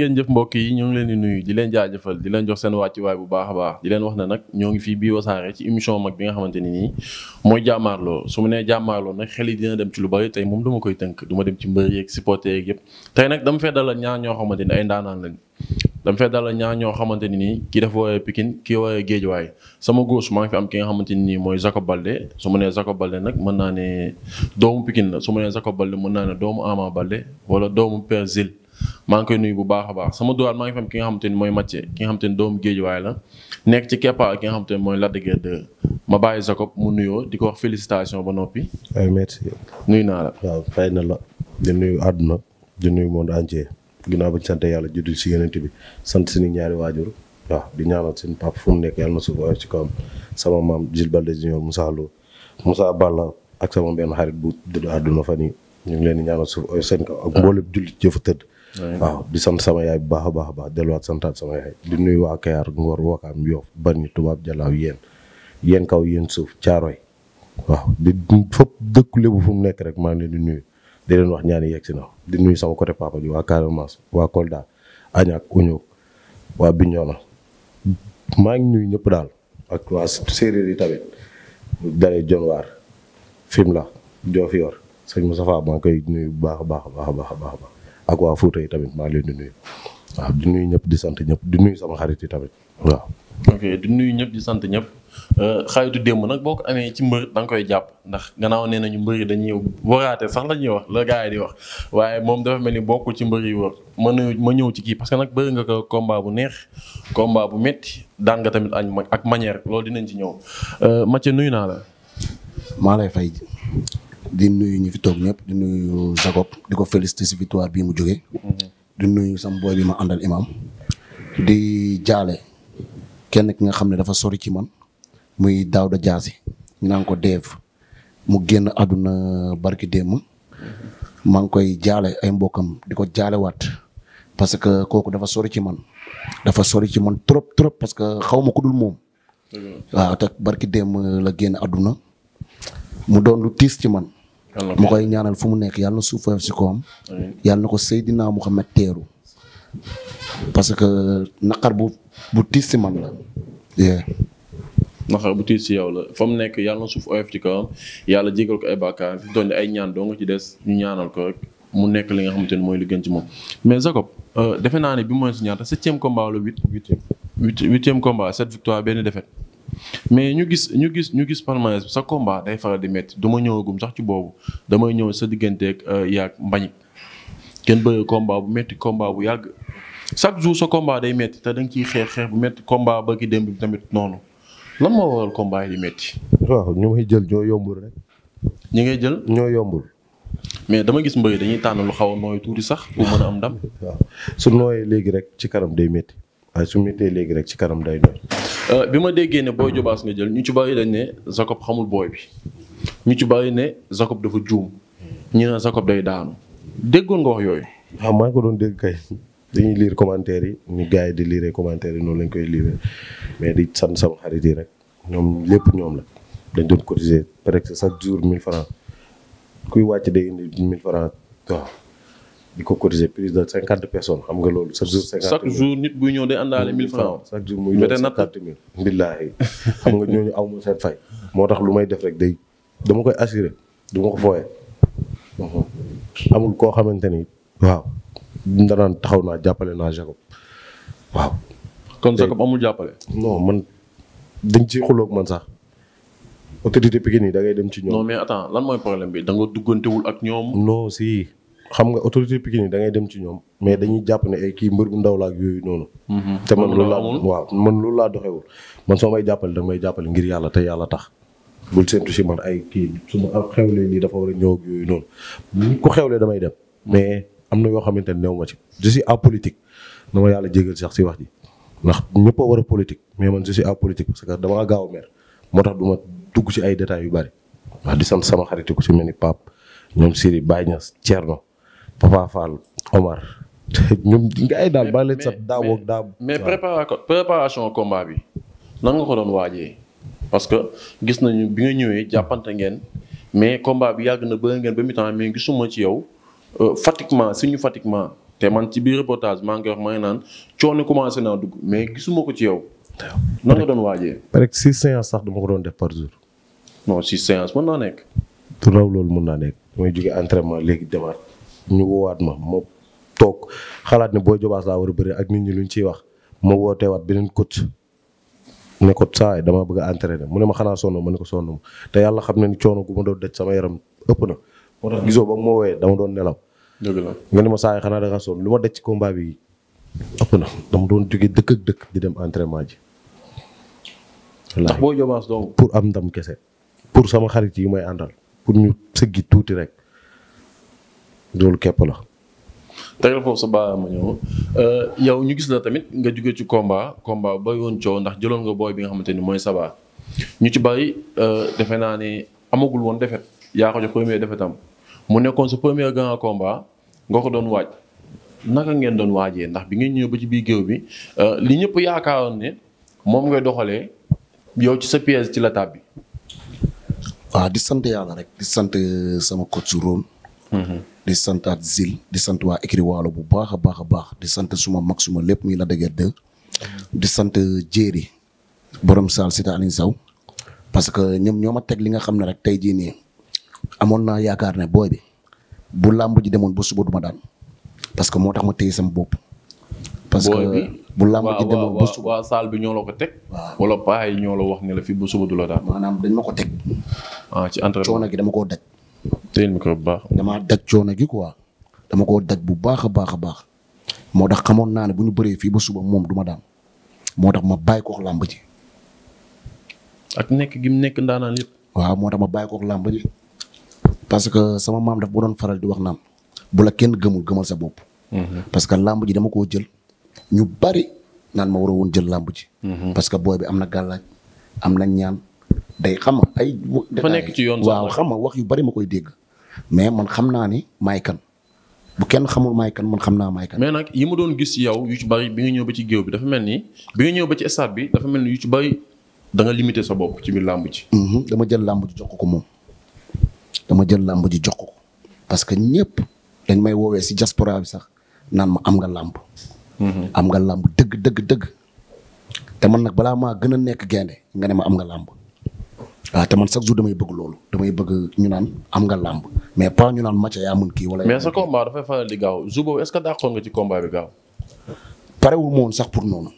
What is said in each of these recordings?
ngeen jëf mbokk yi ñoo ngi leen di nuyu di leen jaajëfal di leen jox seen wàccuwaay bu baax baax di leen wax ne nag ñoo ngi fii bii wasaare ci émission mag bi nga xamante ni nii mooy jàmmaarloo su mu nee jàmmaarloo nag xel dem ci lu bari tey moom dama koy tënk duma dem ci mbër yeeg supporter yeeg yëpp tey nag dama fee dalal ñaar ñoo xamante ni ay ndaanaan lañ dama fee ñaar ñoo xamante ni nii kii dafa woowee Pikine kii woowee Géejawaay sama góos maa ngi am ki nga xamante ni nii mooy Jacob Balde su ma nee Jacob Balde nag mën naa ne doomu Pikine la su ma nee Jacob Balde mën naa ne doomu Ama Balde wala doomu Père maa ngi koy nuyu bu baax a baax sama droite maa ngi fam ki nga xamante ni mooy Mathieu ki nga xamante ni doomu la nekk ci Kepa ki nga xamante ni mooy Lac de Guiers ma bàyyi Jacob mu nuyoo di ko wax félicitation ba noppi. ay nuyu naa la. waaw fay na la di nuyu àdduna di nuyu monde entier ginnaaw ba sant yàlla juddu si yeneen bi sant suñu ñaari waajur waaw di ñaanal seen papa fu mu nekk yàlla na suuf ci kawam sama maam Gilles Balde Junior Moussa Lo Moussa ak sama benn xarit bu dëdd àdduna fan yi ngi leen di ñaanal suuf seen kaw ak mboolem jullit jëfa tëdd waaw di sant sama yaay bu baax a baax a baax delluwaat santaat di nuyu waa Kayar Ngor Wakaam Yoof Bargny Tubaab Jalaaw yéen yéen kaw yéen suuf Caaroy waaw di fop fu mu nekk rek maa ngi leen di nuyu di wax ñaani yegg si na di nuyu sama côté papa ji waa Casamance waa Kolda Añak Uñu maa ngi nuyu ñëpp daal ak waa séeréer yi tamit dalee jonwaar Fimela Diofior sëñ Moustapha maa ngi koy nuyu bu baax a baax a baax a baax a baax ak waa Fuuta yi tamit maa leen di nuyu waaw di nuyu ñëpp di sant ñëpp di nuyu sama xarit yi tamit waaw. ok di nuyu ñëpp di sant ñëpp euh, xaritu démb nag boo ko amee ci mbër da nga koy jàpp ndax gannaaw nee nañu mbër yi dañuy waraate sax la ñuy wax la gars yi di wax waaye moom dafa mel ni bokkul ci mbër yi wër ma nuyu ma ñëw ci kii parce que nag bëri nga ko combat bu neex combat bu métti daan nga tamit añ ak manière loolu dinañ ci ñëw euh, Mathieu nuyu naa la. maa lay fay. di nuyu ñi fi toog ñëpp di nuyu Jacob di ko féliciter si victoire bii mu jógee. di nuyu sam booy bi ma àndal imam di jaale kenn ki nga xam ne dafa sori ci man muy Daouda Diassi ñu naan ko Dave mu génn àdduna barki démb maa ngi koy jaale ay mbokkam di ko jaalewaat parce que kooku dafa sori ci man dafa sori ci man trop trop parce que xaw ma ku dul moom. Mm-hmm. waaw te barki démb la génn àdduna mu doon lu tiis ci man moo koy ñaanal fu mu nekk yàlla na suuf si koom. yàlla na ko Seydina Mouhamed teeru. parce que naqar bu bu tiis si man la. naxar bu tiis ci yow la fa mu nekk yàlla na suuf oyof ci kawam yàlla jégal ko ay bàkkaar fi doon ay ñaan doo nga ci des ñu ñaanal ko rek mu nekk li nga xamante ni mooy li gën ci moom. mais Jacob euh, defe naa ne bi mooy si ñaata septième combat la huit. huitième huitième combat sept victoire benn défaite. mais ñu gis ñu gis ñu gis palmarès sa combat day faral di métti du ñëwagum sax ci boobu damay ñëw sa digganteeg euh, yaag mbañik kenn bëgg combat bu metti combat bu yàgg chaque jour sa combat day metti te danga nga ciy xeex xeex bu metti combat ba ki dem bi tamit noonu lan moo waral combat yi di métti. waaw ñu may jël ñoo yombul rek. ñi ngay jël ñoo yombul. mais dama gis mbëy dañuy tànn lu xaw a nooy tuuti sax pour mën a am ndam. waaw su nooyee léegi rek ci kanam day métti. waaye su ñu léegi rek ci kanam day doon. Euh, bi ma déggee ne booy Jobaas nga jël ñu ci bàyyi dañ ne Jacob xamul booy bi ñu ci bàyyi ne Jacob dafa juum ñu ne Jacob day daanu déggoon nga wax yooyu. xam ah, maa ko doon dégg kay dañuy liir commentaire yi ni gars yi di lire commentaire yi noonu lañ koy lire mais di sam sama xarit yi rek ñoom lépp ñoom la dañ doon cotiser presque chaque jour 1000 francs kuy wàcc day indi 1000 francs di ko cotiser plus de cinquante personnes xam nga loolu. chaque jour cinquante nit buy ñëw day àndaale mille francs. chaque jour muy ñëw cinquante mille. billaahi xam nga ñooñu aw ma seen fay. moo tax lu may def rek day dama koy assuré du ma ko fooyee. Mhm. amul koo xamante ni waaw danaan taxaw naa jàppale naa Jacob waaw. kon Jacob amul jàppale. non man dañ ciy xuloog man sax. autorité Pikine yi da ngay dem ci ñoom. non mais attends lan mooy problème bi da nga duggantewul ak ñoom. non si. xam nga autorité Pikine yi da ngay dem ci ñoom mais dañuy jàpp ne ay kii mbër bu ndaw la ak yooyu noonu. Mm-hmm. te man loolu laa waaw man loolu laa doxewul man soo may jàppale da may jàppale ngir yàlla te yàlla tax bul séntu si man ay kii su ma xewlee lii dafa war a ñëw ak yooyu noonu ku xewlee damay dem mais am na yoo xamante ne néew ma ci je suis apolitique na ma yàlla jégal sax si wax ji ndax ñëpp a war a politique mais man je suis apolitique parce que damaa gaaw a moo tax du dugg ci ay détails yu bari. wax di sant sama xarit ku ci mel ni Pape ñoom Siri Baye Niass Thierno Papa Fall Omar ñoom gars daal bàyyi leen sax daaw ak daaw. mais préparation combat bi nan nga ko doon waajee parce que gis nañu bi nga ñëwee jàppante ngeen mais combat bi yàgg na bëri ngeen ba mi-temps mais gisuma ci yow fatiguement suñu fatiguement te man ci biir reportage maa ngi wax ma may naan coono commencé naa dugg mais gisuma ko ci yow. nan nga doon waajee. rek six séances sax dama ko doon def par jour. non six séances mën naa nekk. du raw loolu mën naa nekk. damay jóge entraînement léegi demaat. ñu woowaat ma ma toog xalaat ne Boy Diobass laa war a bëri ak nit ñi luñ ciy wax ma wooteewaat beneen coach ne ko saay dama bëgg a entraîner mu ne ma xanaa sonn ma ne ko sonn ma te yàlla xam na ni coono gu ma doon daj sama yaram ëpp na moo gisoo ba mu ma wooyee dama doon nelaw. nga ne ma saay xanaa da nga sonn lu ma daj ci combat bi ëpp na dama doon jóge dëkk ak dëkk di dem entraînement ji. ndax Boy Diobass donc pour am ndam kese pour sama xarit yi may àndal pour ñu sëggi tuuti rek loolu képp la. tegal foofu sa baa ma ñëw euh, yow ñu gis la tamit nga jugee ci combat combat ba yoon coow ndax jëloon nga booy bi nga xamante ni mooy Saba ñu ci bàyyi euh, defe naa ne amagul woon defet yaa ko jox premier defetam mu nekkoon sa premier grand combat nga ko doon waaj naka ngeen doon waajee ndax bi ngeen ñëw ba ci biir géew bi euh, li ñëpp yaakaaroon ne moom ngay doxalee yow ci sa pièce ci la tàbbi. waaw di sant yàlla rek di sant sama coach Rone. Mm-hmm. di santaat zil di sant waa écrit bu baax a baax a baax di sant suma mag suma lépp muy la dëgër de di sant jéeri borom saal si Alioune Sow parce que ñoom ñoo ma teg li nga xam ne rek tey jii nii amoon naa yaakaar ne booy bu làmb ji demoon ba suba duma daan parce que moo tax ma téye sama bopp. parce que bu làmb demoon ba suba waaw saal bi ñoo la ko teg. wala paa yi ñoo la wax la fi ba suba du la daan. maanaam dañ ma ko teg. Ah, coono gi dama koo daj. téyel micro bu baax. damaa daj coono gi quoi dama koo daj bu baax a baax a baax moo tax xamoon naa ne bu ñu baree fii ba suba moom duma ma daan moo tax ma bàyyi kook làmb ji. ak nekk gi mu nekk ndaanaan yëpp. waaw moo tax ma bàyyi kook parce que sama maam daf boo doon faral di wax naan bu kenn gëmul gëmal sa bopp. Mhm. parce que làmb ji dama koo jël ñu bari naan ma war woon jël làmb ji. Mhm. parce que booy bi am na gàllaaj am na ñaan day xam ay. dafa nekk ci yoon waaw xam nga wax yu bari ma koy dégg. mais man xam naa ni maykan bu kenn xamul maay kan man xam naa maay kan. nag yi ma doon gis yow yu ci bari bi nga ñëw ba ci géew bi dafa mel ni bi nga ñëw ba ci stade bi dafa mel ni yu ci bari da nga limité sa bopp ci biir làmb ji. Mhm, dama jël làmb ji jox ko moom dama jël làmb ji jox ko parce que ñëpp dañ may woowee si diaspora bi sax naan ma am nga làmb. Mhm. am nga làmb dëgg dëgg dëgg. te man nag balaa maa gën a nekk gaynde nga ne ma am nga làmb. waaw te man chaque jour damay bëgg loolu damay bëgg ñu naan am nga làmb mais pas ñu naan Macha yaa mën kii wala. mais sa combat dafay faral di gaaw jour boobu est-ce que dàqoon nga ci combat bi gaaw. parewul ma woon sax pour noonu.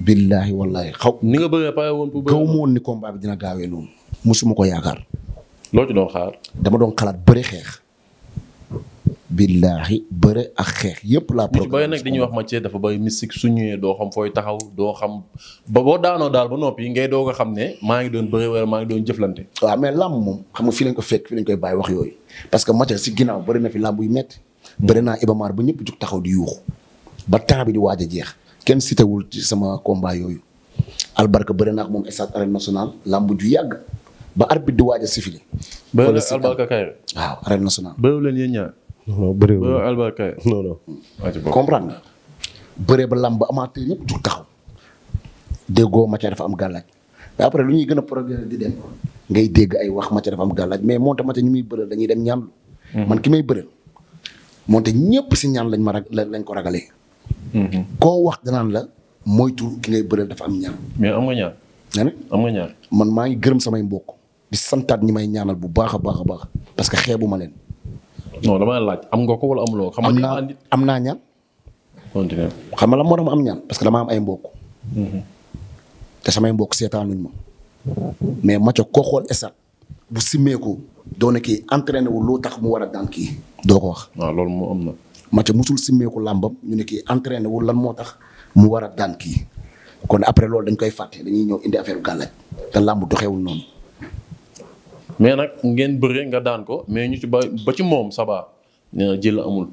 billaahi wallaahi xaw. ni nga bëggee pare woon pour. gaw ni combat bi dina gaawee noonu. musuma ko yaakaar. loo ci doon xaar. dama doon xalaat bëri xeex. billaahi bëre ak xeex yëpp laa. programme nag dañuy wax Mathieu dafa bëri mystique su ñëwee doo xam fooy taxaw doo xam ba boo daanoo daal ba noppi ngay doo xam ne maa ngi doon bëre wala maa ngi doon jëflante. waaw mais làmb moom xam nga fii lañ ko fekk fii lañ koy bàyyi wax yooyu parce que Mathieu si ginnaaw bëri na fi làmb yu métti. bëri ba ñëpp di yuuxu ba temps bi di a jeex kenn citewul ci sama combat yooyu. albarka bëri naa ak moom stade arène nationale làmb ju yàgg ba arbitre di waaj a sifile. bëri na albarka kay waaw arène nationale. non bëree ba albarka non ba làmb amateur yëpp taxaw déggoo Mathia dafa am gàllaaj mais après lu ñuy gën a progrès di dem ngay dégg ay wax Mathia dafa am gàllaaj mais moonte Mathia ñu muy bëreel dañuy dem ñaan mm-hmm. man ki may bëreel moonte ñëpp si ñaan lañ ma rag lañ ko ragalee. Mm-hmm. koo wax danaan la moytu ki ngay dafa am ñaan. mais am nga ñaan. man maa ngi gërëm samay mbokk di santaat ñi may ñaanal bu baax a baax a baax parce que xeebu ma leen. non dama laaj am nga wala amuloo. xam nga am naa am naa ñaan. continué xam nga la moo dama am ñaan parce que dama am ay mbokk. Mm-hmm. te samay mbokk seetaanuñ ma. mais Mathia koo xool esat bu simmeeku doone kii entraîné wu loo tax mu war a daan kii. doo ko wax. loolu moo am na. Mathia musul simmeeku làmbam ñu ne kii entraîné wu lan moo tax mu war a daan kii kon après loolu dañ koy fàtte dañuy ñëw indi affaire gàllaaj te làmb doxewul noonu. mais nag ngeen bëre nga daan ko mais ñu ci ba ba ci moom Sabaa nee na jël amul.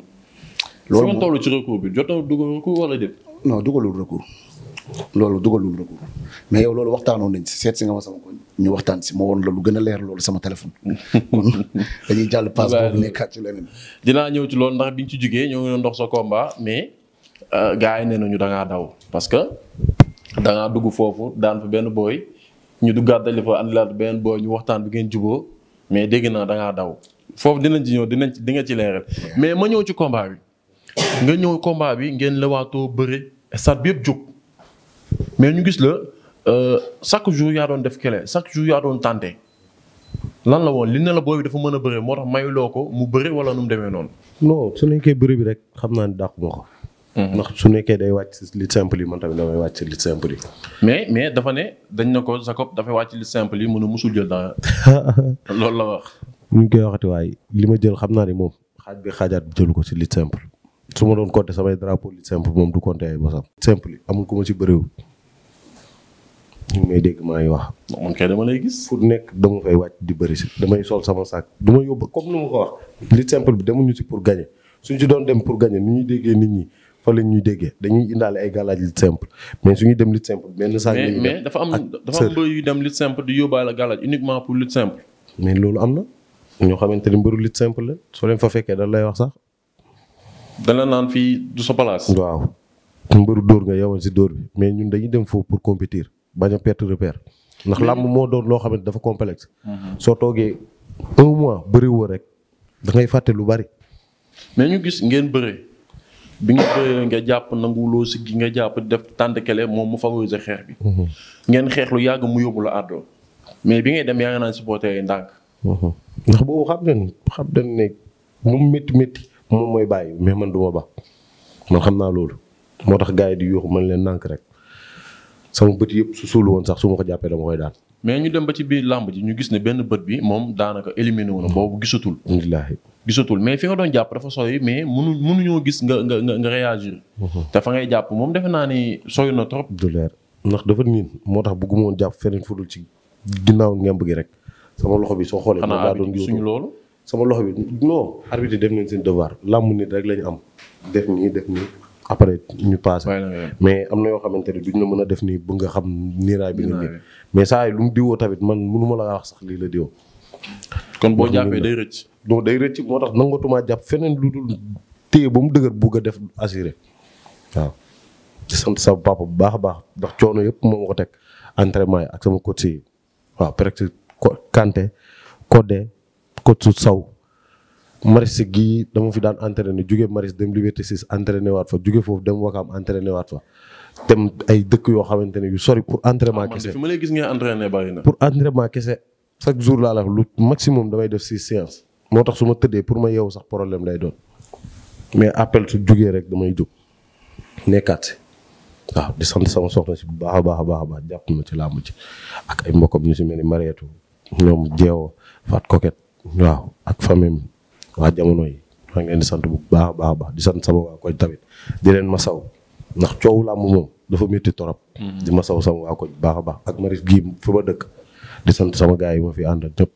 loolu moom toll ci recours bi jot na dugal recours wala déet. non dugalul recours. loolu dugalul recours mais yow loolu waxtaanoon nañ si seet si nga ma sama ko ñu waxtaan si ma woon la lu gën a leer loolu sama téléphone. kon dañuy jàll passe boobu nekkaat ci dinaa ñëw ci loolu ndax biñ ci jugee ñoo ngi doon dox sa combat mais euh, gars yi nee nañu dangaa daw parce que da dugg foofu daan fa benn booy. ñu duggaat daje fa andilaat beneen boo ñu waxtaan bi ngeen juboo mais dégg naa dangaa daw foofu dinañ ci ñëw dinañ di nga ci leeral mais ma ñëw ci combat bi nga ñëw combat bi ngeen lewaatoo bëre stade bi yëpp jóg mais ñu gis la euh, chaque jour yaa doon def kele chaque jour yaa doon tànte lan la woon li ne la booy bi dafa mën a bëre moo tax mayuloo ko mu bëre wala nu mu demee noonu. non su nekkee bëre bi rek xam naa ni dàqu ma ko. Mhm. ndax su nekkee day wàcc si lutte simple yi man tamit damay wàcc si lutte yi. mais mais dafa ne dañ ne ko Jacob dafay wàcc lutte simple yi mu ne musul jël dara loolu la wax. mu ngi koy waxati waaye li ma jël xam naa ne moom xaaj bi xaajaat bi ko si lutte simple su ma doon compter samay drapeau lutte simple moom du compter ay bosam. simple yi amul ku ma si bëriwul. ñu may dégg maa ngi wax. man kay dama lay gis. fu nekk dama fay wàcc di bëri si damay sol sama saak du ma yóbbu comme ni ma ko wax. lutte simple bi demuñu si pour gagner suñ si doon dem pour gagner ni ñuy déggee nit ñi. fa la ñuy déggee dañuy indaale ay galaaj lutte simple mais suñuy dem lutte simple benn saa mais mais dafa am loolu am na ñoo xamante ni mbëru lutte simple la soo leen fa fekkee dañ lay wax sax. dana naan fii du sa place. waaw mbëru dóor nga yowoon si dóor bi mais ñun dañuy dem foofu pour compétir bañ a perte repère. ndax làmb moo doon loo xamante dafa complexe. Mhm. soo toogee un mois bëri woo rek da ngay fàtte lu bari. mais ñu gis ngeen bëri. bi nga bëree nga jàpp nanguwuloo si gi nga jàpp def tàndkele moom mu favoriser xeex bi. Mhm. ngeen xeex lu yàgg mu yóbbu la àddoo mais bi ngay dem yaa nga naan supporter yi ndànk. Mhm. ndax boobu xam nañ xam nañ ne moom métti métti moom mooy bàyyi mais man du ma ba man xam naa loolu. moo tax gars yi di yuuxu man leen ndànk rek sama bët yëpp su suulu woon sax su ma ko jàppee dama koy daan. mais ñu dem ba ci biir làmb ji ñu gis ne benn bët bi moom daanaka éliminé wu na boobu gisatul. wallaahi. gisatul mais fi nga doon jàpp dafa sooy mais munu munuñoo gis nga nga nga nga réagir. Mhm. te ngay jàpp moom defe naa ni sooy na trop. du leer ndax dafa niin moo tax bëgguma woon jàpp feneen fudul ci ginnaaw ngemb gi rek sama loxo bi soo xoolee. xanaa bi suñu loolu sama loxo bi non. arbitre def nañ seen devoir làmb nit rek lañu am def nii def nii après ñu passé. mais am na yoo xamante ne duñ la mën a def nii bu nga xam niiraay bi nga nii. mais saa yi lu mu diwoo tamit man mënu ma la wax sax lii la diwoo. kon boo jàppee day rëcc. non day rëcc moo tax nangatuma jàpp feneen lu dul téye ba mu dëgër bugg a def assuré waaw. di sant sa papa bu baax a baax ndax coono yëpp moo ma ko teg entraînement yi ak sama coach yi waaw presque kante Codé coach su saw Maris gii dama fi daan entraîné jóge Maris dem Liberté 6 entraîné waat fa jóge foofu dem Wakaam entraîné waat fa dem ay dëkk yoo xamante ne yu sori pour entraînement ah, kese. fi ma lay gis ngay entraîné bari kese chaque jour laa la lu maximum damay def six séances moo tax su ma tëddee pour ma yeewu sax problème lay doon mais appel su jugee rek damay jóg nekkaat si waaw di sant sama soxna si bu baax a baax a baax a baax jàpp ci làmb ci ak ay mbokkam ñu si mel ni Mariétu ñoom jeewo faat koket waaw ak famille waa jamono yi maa ngi di sant bu baax a baax baax di sant sama waa koñ tamit di leen masaw ndax coow làmb moom dafa métti torop mm-hmm. di masaw sama waa koñ baax a baax ak maris gii fi ma dëkk di sant sama gaay yi ma fi àndal ñëpp.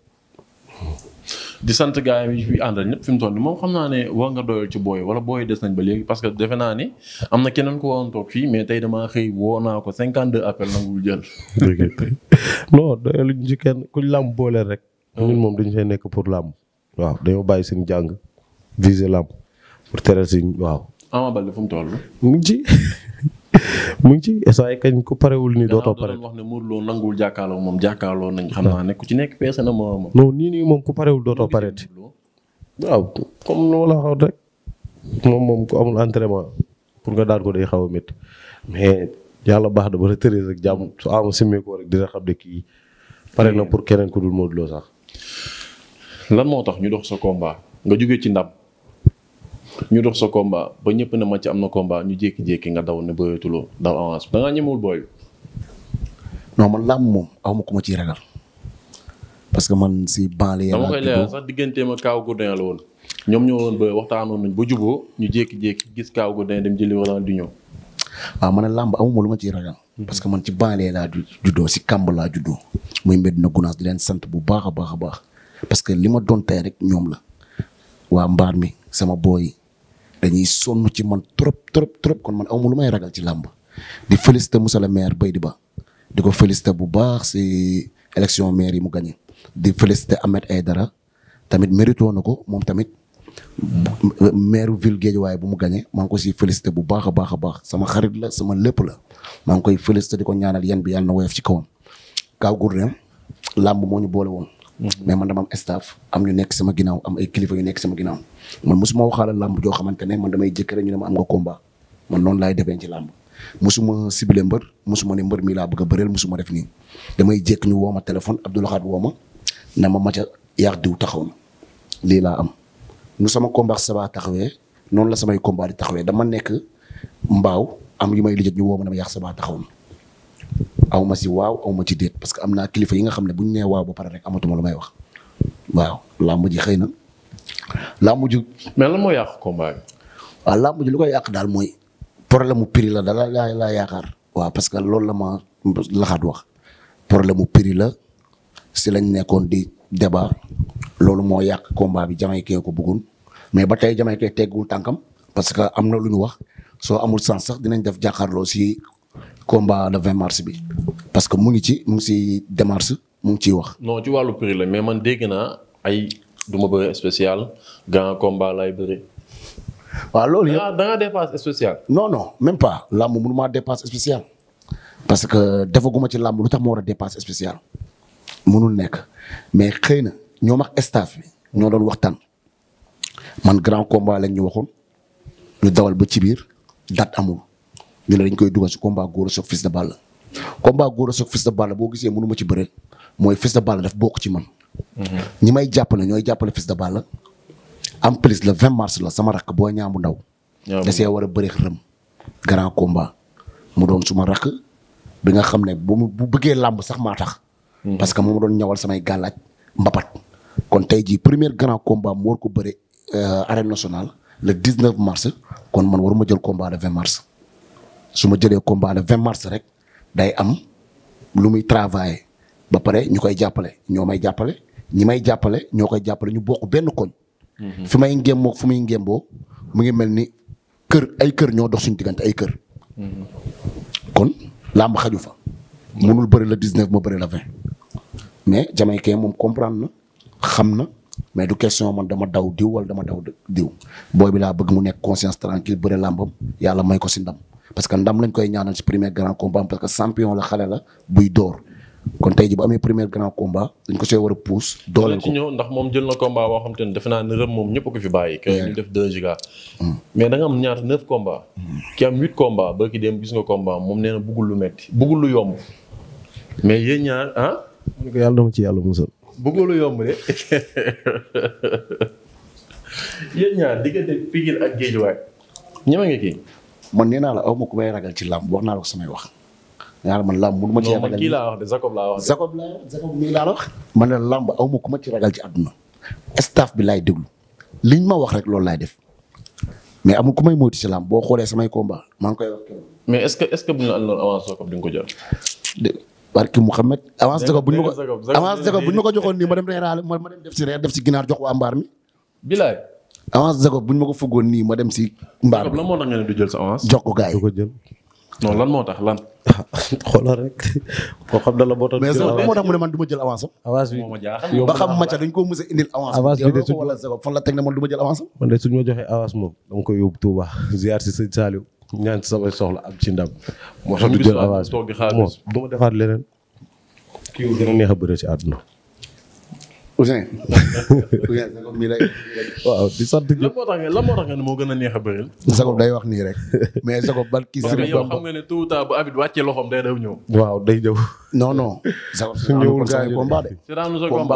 di sant gaay yi fi àndal ñëpp fi mu toll nii moom xam naa ne war nga doyal ci booy wala booy des nañ ba léegi parce que defe naa ni am na keneen ko waroon toog fii mais tey damaa xëy woo naa ko 52 appel nangul jël. dëgg non ñu ci kenn kuñ làmb booleel rek. ñun moom dañu fay nekk pour làmb. waaw dañoo bàyyi suñu jàng viser làmb pour tere suñ waaw. Ama Baldé fu mu toll. mu ngi ci essai kañ ko parewul ni dooto pare. wax ne Modou Lo nanguwul jàkkaarloo moom jàkkaarloo nañ xam naa ne ku ci nekk peese na moom. non moom ku parewul dootoo pareeti. waaw comme nu la waxoon rek moom moom ku amul entraînement pour nga daan ko day xaw a métti mais yàlla baax na ba la tëree rek jàmm su am simmeekoo rek di dina xam ne kii pare na pour keneen ku dul Modou Lo sax. lan moo tax ñu dox sa combat nga jóge ci ndam. ñu dox sa combat ba ñëpp ne ma ci am na combat ñu jékki-jékki nga daw ne bëreetuloo daw avance da ngaa ñemewul booy non man làmb moom aw ma ko ciy ragal parce que man si banlieue dama koy leeral sax digganteem ak Kaaw Gourdin la woon ñoom ñoo woon ba nañ ba juboo ñu jékki gis Kaaw Gourdin dem jëli wala di ñëw. waaw ah, man làmb amuma lu ma ciy ragal. Mm-hmm. parce que man ci banlieue laa juddoo si kàmb laa juddoo. muy Medina Gunaas di leen sant bu baax a baax a baax parce que li ma doon tey rek ñoom la waa mbaar mi sama booy dañuy sonn ci man trop trop trop kon man awma lu may ragal ci làmb di félicité monsieur le maire Baydi Ba di ko félicité bu baax si élection maire yi mu gagné di félicité ay dara tamit mérito na ko moom tamit maire ville Guédiawaye bu mu gagné maa ngi ko siy félicité bu baax a baax a baax sama xarit la sama lépp la maa ngi koy félicité di ko ñaanal yan bi yàlla na woyof ci kawam Kaw Gourdin làmb moo ñu boole woon mm-hmm. mais man dama am staff am ñu nekk sama ginnaaw am ay kilifa yu nekk sama ginnaaw man mosuma waxaala làmb joo xamante ne man damay jëkkëre ñu ne ma am nga combat man noonu laay defee ci làmb mosuma ciblé mbër mosuma ne mbër mii laa bëgg a bëreel mosuma def nii damay jékk ni woo ma téléphone Abdoul Ahad woo ma na ma maca yaax diw taxaw na lii laa am nu sama combat Saba taxawee noonu la samay combat di taxawee dama nekk mbaaw am yu may lijjat ñu woo ma dama yaax Saba taxaw na aw ma si waaw aw ma ci déet parce que am naa kilifa yi nga xam ne bu ñu nee waaw ba pare rek amatuma lu may wax waaw làmb ji na làmb ji. mais la moo yàq combat bi. waaw làmb ji lu koy yàq daal mooy problème mu prix la dala laa laa yaakaar. waaw parce que loolu la ma laxaat wax problème mu prix la si lañ nekkoon di débat loolu moo yàq combat bi jamaykee ko bëggoon mais ba tey jamaykee teggul tànkam parce que am na lu ñu wax soo amul sens sax dinañ def jàkkaarloo si combat le 20 mars bi parce que mu ngi ci mu ngi si démarche mu ngi ciy wax. non ci wàllu prix la mais man dégg naa ay du ma bëri spécial grand combat laay bëri. waaw loolu yëpp da nga da nga dépasse spécial. non non même pas làmb mënu maa dépasse spécial. parce que defaguma ci làmb lu tax ma war a dépasse spécial. mënul nekk mais xëy na ñoom ak staff bi ñoo doon waxtaan man grand combat lañ ñu waxoon ñu dawal ba ci biir date amul ñu ne dañ koy dugal ci combat Gora Sock Fils de Balla. combat Gora Sock Fils de Balla boo gisee mënu ci bëre mooy Fils de Balla daf bokk ci man. ñi may jàppale ñooy jàppale Fils de Balla en plus le 20 mars la sama rakk boo ñaamu ndaw. da see war a bëri rëm. grand combat mu doon suma raq bi nga xam ne bu mu bu bëggee làmb sax maa tax. Mhm. parce que moom ma doon ñawal samay gàllaaj mbapat. kon tey jii premier grand combat mu war ko bëri euh, arène nationale le 19 mars kon man waruma jël combat le 20 mars su ma jëlee combat le 20 mars rek day am lu muy travailler. ba pare ñu koy jàppale ñoo may jàppale ñi may jàppale ñoo koy jàppale ñu bokk benn koñ. Mhm. fi may ngémmoo fu muy ngémboo mu ngi mel ni kër ay kër ñoo dox suñ diggante ay kër. Mhm. kon làmb xaju fa. mënul bëri la 19 ma bari la 20. mais jamaïcain moom comprendre na xam na mais du question man dama daw diw wala dama daw diw booy bi laa bëgg mu nekk conscience tranquille bëri làmbam yàlla may ko si ndam parce que ndam lañ koy ñaanal si premier grand combat parce que champion la xale la buy door kon tey ji bu amee premier grand combat dañ ko see war a pousse. dooleel ko ñëw ndax moom jël na combat boo xam te ne defe naa ne rëm moom ñëpp ko fi bàyyi. kii ñu def 2 giga. Mm. mais da nga am ñaata 9 combats. Mm. ki am 8 combats dem gis nga combat moom nee na bëggul lu metti bëggul lu yomb. mais yéen ñaar ah. yàlla dama ci yàlla musal. bëggul lu yomb de yéen ñaar diggante Pikine ak Guédiawaye ñeme nga kii. man nee naa la aw ma ku may ragal ci làmb wax naa la ko samay wax. ñaar man laam mënu ma ci ragal kii laa wax de Jacob man ne làmb aw ma ku ma ci ragal staff bi laay déglu liñ ma wax rek loolu laay def mais amul ku may moytu si làmb boo xoolee samay combat maa ngi koy wax kenn mais est-ce que est-ce que ko bu ñu ma ko avance bu ñu ko joxoon nii ma dem reeraale ma dem def si reer def si ginaar jox waa mbaar mi bilaay avance Jacob bu ñu ma ko fëggoon nii ma dem si mbaar mi lan moo tax nga ne du jël sa avance jox ko gars non lan moo tax lan. xoolal rek koo xam da la boo tax. mais moo tax mu ne man du ma jël avance am. avance bi ma jaaxal ba xam Macha dañ a indil ne ma jël avance am. man de suñu ma joxee avance moom dama koy yóbbu Touba ziar si sëñ Saliou ñaan si samay soxla am ci ndam. moo tax du jël avance bi moo du ma defaat leneen. kii wu gën a neex a bëre ci àdduna. Ousseyn. waaw di sant ñëpp. lan moo tax nga moo tax ne moo a neex a bëril. Zagob day wax nii rek. mais Zagob ban kii Serigne Bamba. xam nga ne tout bu Abid wàccee loxoom day daw ñëw.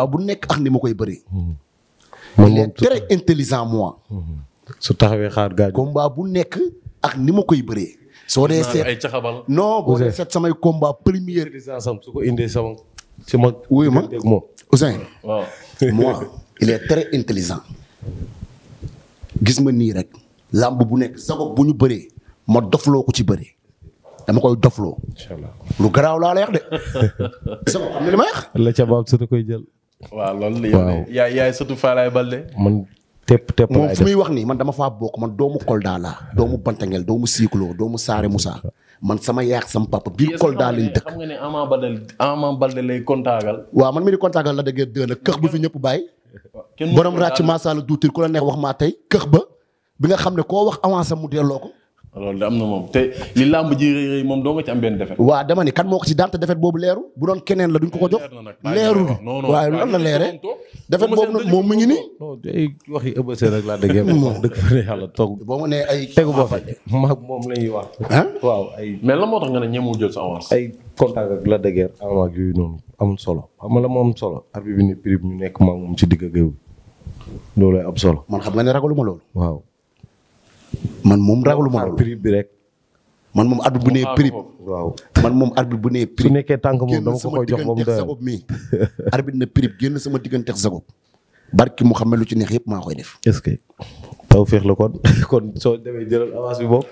bu nekk ak ni ma koy bëri. Hmm. man moom très intelligent moi. Hmm. su taxawee xaar gars combat bu nekk ak ni ma koy bëree. soo dee seet ay caxabal. non boo dee seet samay combat première. su ko indee sama. sama wuyu ma Ousseyn. waaw moi il est très intelligent. gis ma nii rek. làmb bu nekk sabab bu ñu bëree. ma dofloo ko ci bëree. dama koy dofloo. incha lu garaaw laa lay wax de. sabab xam nga li ma wax. la ca baab koy jël. waaw loolu la yaay yaay surtout Faalaay Balde. man tepp tepp moom fu muy wax nii man dama faa bokk man doomu Kolda doomu doomu Bantangel doomu Siklo doomu Saare musaa man sama yaax sama papa biir Kolda lañ dëkk. xam nga ne Ama Baldé Ama Baldé lay kontaagal. waaw man mi di kontaagal la dëgg dëgg la këx bu fi ñëpp bàyyi. borom ràcc maasaalu duutir ku la neex wax maa tey këx ba bi nga xam ne koo wax avancé mu delloo ko. loolu de am na moom te làmb ji moom doo nga ci am benn defet. waaw dama kan moo ko si daan te defet boobu leeru bu doon keneen la duñ ko ko jox. leeru waaye lan la leeree. defet boobu nag moom mu ngi nii. non ay wax yi ëpp seen rek laa déggee. moom dëgg fa toog. boo ma nee ay tegu boo fa maag moom la ñuy wax. waaw ay. mais lan moo tax nga ne ñemewul jël sa avance. ay contact ak la déggee avance yooyu noonu amul solo xam nga la solo. arbitre bi ni bi ñu nekk maa moom si digg géew loolu am solo. man xam nga ne ma loolu waaw man moom ragalu ma loolu bi rek. man moom arbitre bu nee prix waaw man moom arbitre bu nee prix su nekkee tànk moom dama jox moom génn sama digganteeg Zagob mii arbitre na prix génn sama digganteeg Zagob barki mu xam ne lu ci neex yëpp maa koy def. est féex la kon kon soo demee jëlal avance bokk.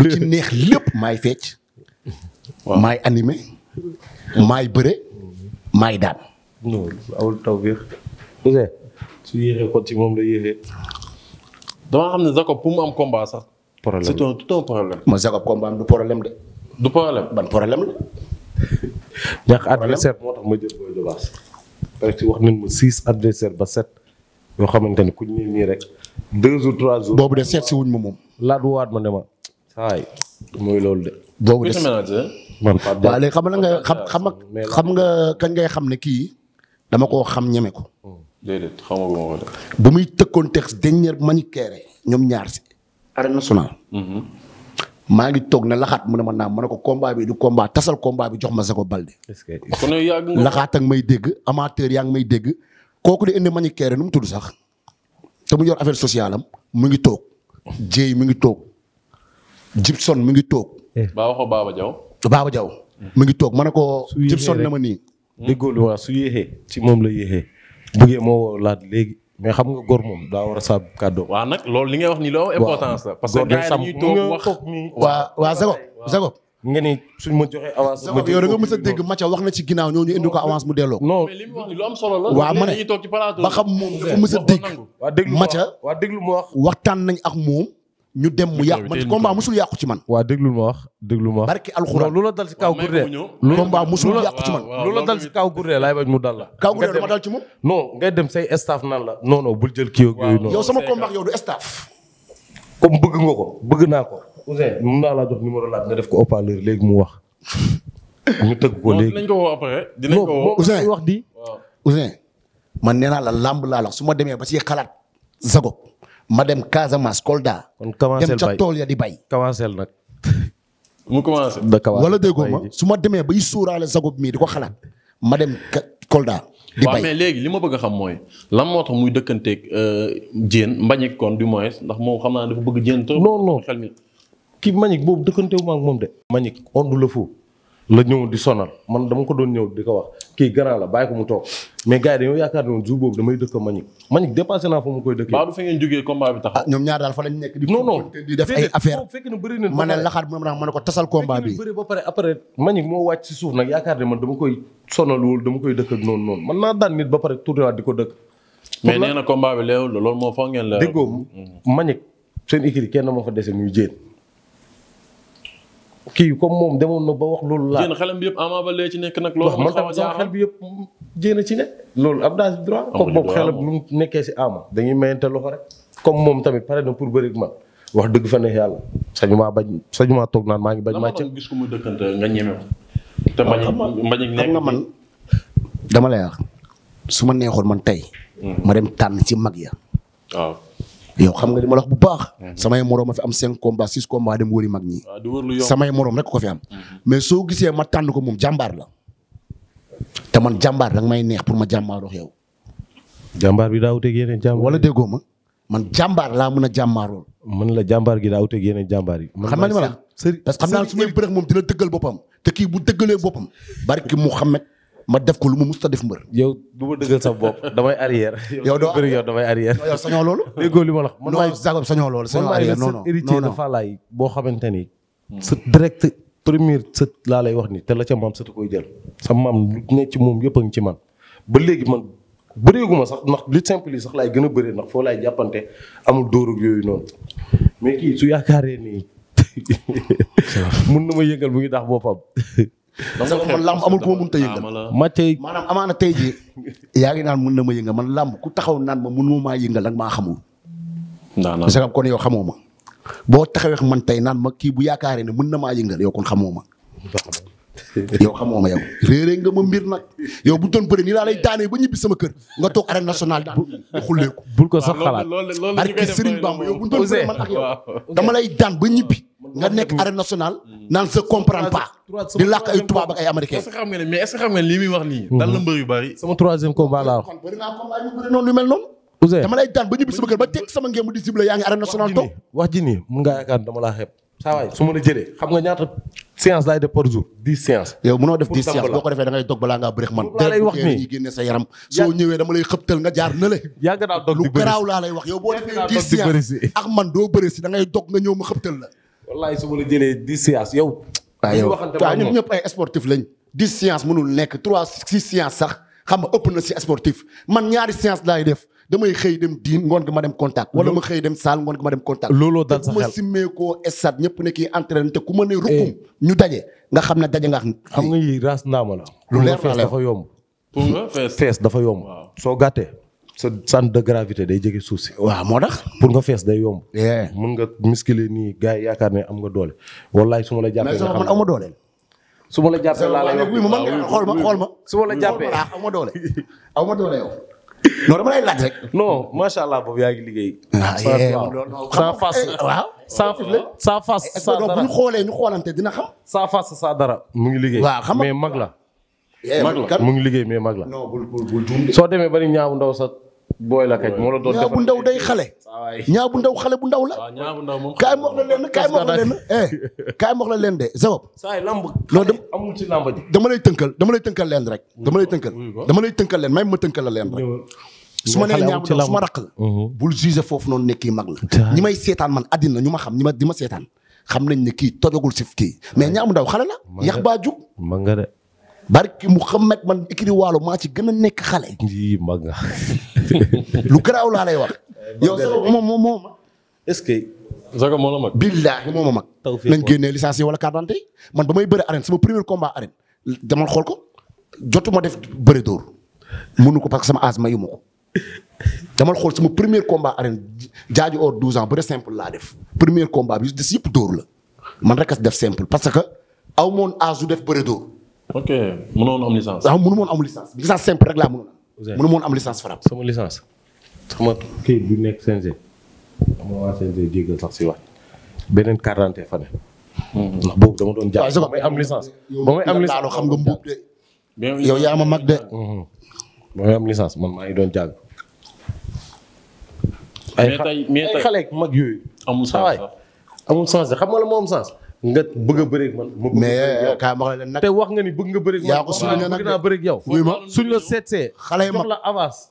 lu ci neex maay fecc. waaw maay animé. maay bëre. maay daan. la damaa xam ne Jacob pour mu am combat sax. problème c'est un tout un problème. ma Jacob combat am du problème de. du problème ban problème la. ñàkk adversaire moo tax ma jël Boy Jobaas. parce que wax nañ ma six adversaire ba sept yoo xamante ni ku ñu rek deux ou trois jours. boobu de seet si wuñ ma moom. laat waat ma ne ma. saay muy loolu de. boobu de man Pape Diagne waaw léegi xam nga xam nga kañ ngay xam ne kii dama koo xam ñeme ko. Oh. déedéet xamaguma ko de. bu muy tëkkoon tex dernière manicure ñoom ñaar si. arène mhm. maa ngi toog na laxaat mu ne ma naam ma ne ko combat bi du combat tasal combat bi jox ma Zago Balde. est-ce que kon yàgg nga laxaat may dégg amateur yaa ngi may dégg kooku di indi manicure nu mu tudd sax te mu yor affaire sociale am mu ngi toog. Jéy mi ngi toog. Gibson mi ngi toog. Eh. baa waxoo Baba Diaw. Baba Diaw. mi ngi toog ma ne ko. Gibson na ma nii. su yéexee ci moom la yéexee. buggee moo woo laat léegi mais xam nga góor moom daa war a saab kàddo. waaw nag loolu li nga wax ni loo importance la. parce que gars yi dañuy toog waa waa Zago Zago. nga ni suñ ma joxee avance. ma yow da nga wax na ci ginnaaw ñoo ñu indi ko mu delloo. non mais li mu wax ni lu am solo la. waaw ma ne ba xam moom dafa mës a dégg. waa déglu ma wax waxtaan nañ ak moom. ñu dem mu yàqu man combat musul ci man. waa déglu ma wax déglu ma wax. barki alxuraan lu la dal si kaw gurdee. combat musul yàqu ci man. lu la dal si kaw gurdee laay bañ mu dal la. kaw gurdee dama dal ci ngay dem say staff nan la. non bul jël kii sama combat yow du staff. naa ko. Ousseyn mun def ko léegi mu wax. ñu ko léegi dinañ ko woo après. dinañ wax di. man nee naa la làmb laa la su ma demee ba si xalaat zago ma dem Casamance Kolda. kon dem ca tool ya di bay. kawansel nag. mu commencé da kawansel wala déggoo ma su ma demee bay suuraale sagub mii di ko xalaat ma dem Kolda. di bay léegi li ma bëgg a xam mooy lan moo tax muy dëkkanteeg jéen euh, mbañik koon du moins ndax moom xam naa dafa bëgg jéen. non non xel mi kii boobu dëkkanteewu ma moom de. mbañik ondu la foofu. la ñëw di sonal man dama ko doon ñëw di ko wax kii grand la bàyyi ko mu toog mais gars yi dañoo yaakaar ne woon jour boobu damay dëkk Manick ah, ñaar daal fa lañ nekk. di non non di ko tasal combat bi. fekk na bëri ba moo wàcc si suuf nag yaakaar ne man dama koy sonal wul dama koy dëkk ak noonu man naa daan nit ba pare tourné di ko dëkk. mais nee na combat bi léewul loolu moo foog ngeen la. déggoo mm-hmm. Manick seen écrit kenn moo fa dese muy jéen kii comme moom demoon na ba wax loolu. laa jéem xelam bi yëpp Ama Baldé ci nekk nag. loolu man tamit sama xel bi yëpp jéem ci ne. loolu mu nekkee si Ama. dañuy mayante loxo rek. comme moom tamit pare pour bëri man wax dëgg fa ne yàlla maa bañ sañu maa toog naan maa ngi bañ. maa ca gis ko muy dëkkante nga ñeme ko. te mbañ nekk nga man dama lay wax su ma neexoon man tey. Hmm. ma dem tànn ci mag ya yow xam nga li ma la bu baax. Mhm. samay morom a fi am cinq combats six combats dem wëri mag ñi. Ah, samay morom rek ko fi am. Mhm. mais soo gisee ma tànn ko moom jàmbaar la. te man jàmbaar danga may neex pour ma jàmbaaroo yow. jàmbaar bi daa wuteeg yeneen jàmbaar wala déggoo ma man jàmbaar laa mën a jàmbaarool. man la jàmbaar gi daa wuteeg yeneen jàmbaar yi. xam naa li ma xam naa su may bëreex moom dina dëggal boppam te kii bu dëggalee boppam barki Muhammad ma def ko lu ma mës a def mbër. yow du ma dëggal sa bopp damay arrière. yow doo bëri damay arrière. yow sañoo loolu. déggoo li ma la wax. non Jacob sañoo loolu. sañoo arrière non non boo xamante ni. Hmm. sa direct première sët laa lay wax ni te la ca maam sët koy jël. sa maam lu ne ci moom yëpp a ngi ci man ba léegi man bëreeguma sax ndax li simple yi sax laay gën a bëree ndax foo laay jàppante amul dóor yooyu noonu mais kii su yaakaaree nii. mun na ma yëngal mu ngi daax boppam donc man làmb amul ku ma mënta yëngal. ma tey maanaam amaana tey jii. yaa ngi naan mën na ma yëngal man làmb ku taxaw naan ma mënuma maa yëngal ak maa xamul. daanaka parce que kon yow xamoo ma. boo taxawee man tey naan ma kii bu yaakaaree ne mën na maa yëngal yow kon xamoo ma. yow xamoo ma yow. réeré nga ma mbir nag yow bu doon bëri nii laa lay daanee ba ñibbi sama kër nga toog arène nationale bu xulleeku. bul ko sax xalaat. loolu la loolu la ñu yow bu doon bëri man ak yow dama lay daan ba nga nekk arène nationale. Hmm. naan se comprendre pas. di làkk ay ay américain. est-ce laa wax. Hmm. dama laa xeeb. saa waay su ma la xam nga ñaata séance laay def par jour dix séances. yow mënoo def dix séances boo ko defee da dog balaa ngaa bëri ak man doo bëri si da dog nga ñëw ma xëptal la. wallaay su ma la jëlee dix séances yow. waaw yow waaw ñun ñëpp ay sportif lañ. dix séances mënul nekk trois six séances sax xam nga ëpp na si sportif man ñaari séances laay def damay xëy dem diin ngoon nga ma dem contact. wala ma xëy dem saal ngoon nga ma dem contact. looloo dal sa xel te ku ma simmee koo estade ñëpp ne kii entraîné te ku ma ne rukkum eh. ñu daje nga xam ne daje nga xam nga yi raas ndaama la. lu leer la dafa yomb. fees dafa yomb soo gàttee centre de gravité day jege suuf si. waaw moo tax. pour nga fees day yomb. mën nga musculer nii gars yi yaakaar ne am nga doole. wallaay su la jàppee nga xam ma doole. su ma la jàppee laa la yomb ma man xool ma xool ma. su ma ma doole. aw ma allah boobu yaa ngi liggéey. Ah, sans face eh, waaw sans sa face eh, sans eh, dara bu ñu dina xam. sans face sans dara. mu ngi liggéey mais mag la. mu ngi soo demee ba ñaaw ndaw sa booy la kañ moo ñaa bu ndaw day xale. ñaa bu ndaw xale bu ndaw la. waaw ñaa moom kaay mox la leen la leen eh kaay mox la leen de sabab. lamb dama lay tënkal dama lay tënkal leen rek. dama lay tënkal dama lay tënkal leen may ma tënkal la leen rek. su ma nee ñaa bu ndaw su ma raq la. Mm-hmm. bul juger foofu noonu ne mag la. ñi may seetaan man àddina ñu ma xam ñi ma di ma seetaan xam nañ ne kii tojagul si kii mais ñaa bu ndaw xale la yax baa jug ma nga mu xam mag man écrit waalo maa ci gën a nekk xale. yii mag a lu garaaw laa lay wax. yow Sokone moom moom moom. ce que. Sokone moo la mag. billaahi moo ma mag. taw nañ génnee licence yi wala carte man ba may bëri arène suma premier combat arène xool jotuma def bëri mënu ko parce sama âge ma ko. dama xool sama premier combat arène jaaju or 12 ans bëri simple laa def premier combat bi des yëpp door la man rek def simple parce que aw moon âge du def bëri dóor. ok mënoon am licence. waaw ah, mënu moon am licence licence simple rek laa mënoon am. licence Fra. sama licence. sama kii bi nekk CNG. ma waa CNG dégg sax si wax beneen carte d'identité fa ne. Hmm. ndax dama doon jàpp. waaw may am ah, licence. ba may am licence mag de. Hmm. ba man maa ngi doon jàng. ay xale mag yooyu. amul sens amul xam nga la moo am sens. nga bëgg a bëreeg man. ma bëgg mais kaa ma nag. te wax nga ni bëgg nga bëreeg. yaa ko suñu ne nag de bëreeg yow. wuy ma suñu la seetsee. xale yi ma la avance.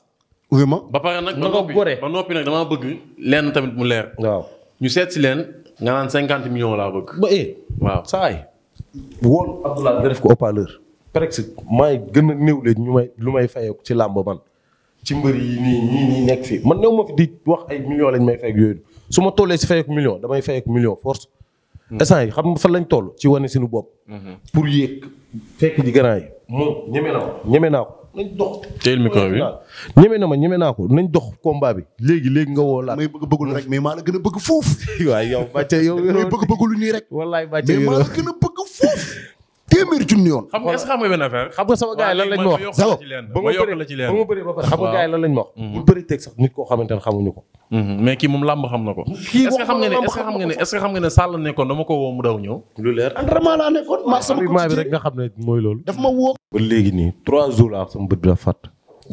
wuy ma ba pare nag ba noppi ba noppi nag damaa bëgg. leen tamit mu leer. waaw ñu seet si leen. nga naan cinquante million laa bëgg. ba eh waaw saa yi. woon Abdoulaye nga def ko haut-parleur. presque maay gën a néew leen ñu may lu may fayeeku ci làmb man. ci mbër yi nii nii nekk fii man néew ma fi di wax ay millions lañ may fay yooyu su ma tollee si fayeeku million damay fayeeku million force Mmh. instant yi xam fan lañ toll ci wane suñu bopp. Mmh. pour yéeg fekk ji grand yi. moom ñeme na ko ñeme naa ko nañ ma ñeme naa ko nañ dox combat bi léegi léegi nga woo laat. may bëgg bëggul rek mais maa la gën a bëgg foofu. waaw yow bàcce yow. may bëgg bëggul nii rek. wallaay bàcce yow a téeméer junni yoon. xam nga est-ce que xam nga benn affaire. xam nga sama gars yi lan lañ ma wax sama ba ma bëree ba ma xam nga gars ma wax. bu bëri ne xamuñu ko. Mm-hmm. mais kii xam na ko. kii ne est-ce ko woo mu daw ñëw. lu leer xam ne mooy loolu. daf ma woo. ba léegi nii trois jours laa sama bët bi dafa fàtt.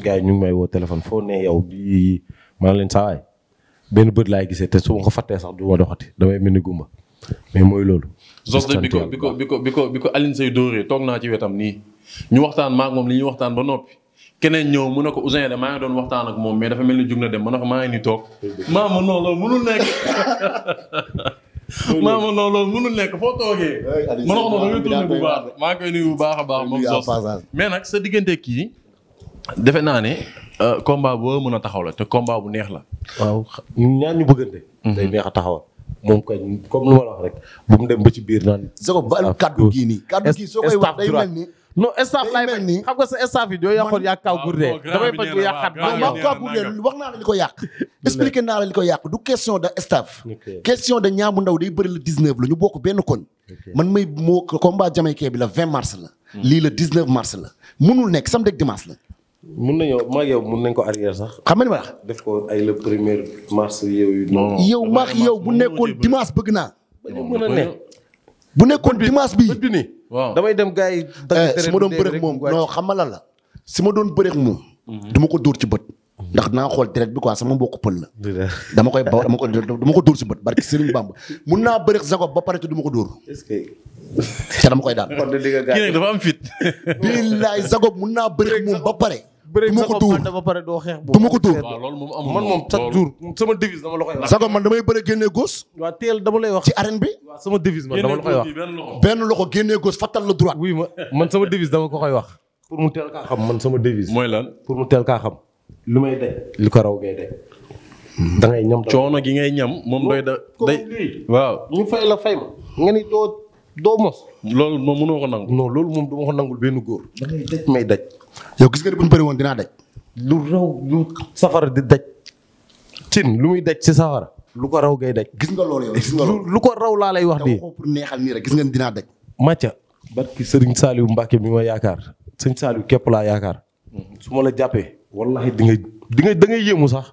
gars yi ñu ngi may woo téléphone foo ne yow bi maa leen saa benn bët laay gisee te su ma ko fàttee sax du ma doxati damay mel ni gumba mais mooy loolu zos de bi ko bi ko bi ko bi ko bi ko Alioune Seye dóoree toog naa ci wetam nii ñu waxtaan maak moom li ñuy waxtaan ba noppi keneen ñëw mu ne ko Ousin de maa nga doon waxtaan ak moom mais dafa mel ni jug na dem ma ne ko maa ngi ni toog maama non loolu mënul nekk maama non loolu foo toogee ma ne ko noonu da bu baax maa koy nuyu bu baax a baax moom sos mais nag sa diggante kii defe naa ne euh, combat boo mën a taxaw la te combat bu neex la waaw ñaan ñu bëggante mhm. day neex a taxawal moom kañ comme lu ma la wax rek bu mu dem ba ci biir naan. Jacob baal kaddu gii nii. yàq wax naa la li ko yàq expliqué naa la yàq du question de staff question de ñaamu ndaw day bëri le 19 la ñu bokk benn kon man may moo combat jamaïcain bi la 20 mars la hmm. lii la 19 mars la mënul nekk samedi ak dimanche la mun nañoo maa yow mun nañ ko arrière sax. xam nga ni def ko ay le premier mars yow yi. non yow maa yow bu nekkoon dimanche bëgg naa. mën a ne. bu nekkoon dimanche bii bët bi damay dem gars yi. Eh, su ma doon bëreeg moom non xam nga lan la. su ma doon bëreeg moom. Mhm. du ma ko dóor ci bët. ndax naa xool deret bi quoi mbokk pël la. dama koy ba dama ko dama ko dóor si bët barki Serigne Bamba mun naa bëreeg Zagob ba pare te du ma ko dóor. est-ce que. te dama koy daal. kon de dafa am fit. billaay Zagob mun naa bëreeg moom ba pare. bëre du ma ko dóor ba xeex du ma ko dóor moom chaque jour sama devise dama la koy wax sago man damay bëre génnee gauche waaw teel dama lay wax ci arène bi waaw sama devise man dama la koy wax benn loxo génnee gauche la droite oui ma man sama devise dama ko koy wax pour mu teel kaa xam man sama devise mooy lan pour mu teel kaa xam lu may daj li ko raw ngay daj da ngay ñam coono gi ngay ñam moom doy da day waaw ñu fay la fay ma nga ni doo doo mos loolu moom mënoo ko nangu non loolu moom du ma ko nangul benn góor da daj may daj yow gis nga ni bu ñu bëri woon dinaa daj. lu raw lu safara di daj. cin lu muy daj ci safara. lu ko raw ngay daj. gis nga loolu yow lu ko raw laa lay wax nii. pour neexal nii rek gis nga ni dinaa daj. Mathia. barki Serigne Saliou Mbacke mi ma yaakaar sëñ Saliou képp laa yaakaar. su ma la jàppee. wallahi di nga di nga da ngay yéemu sax.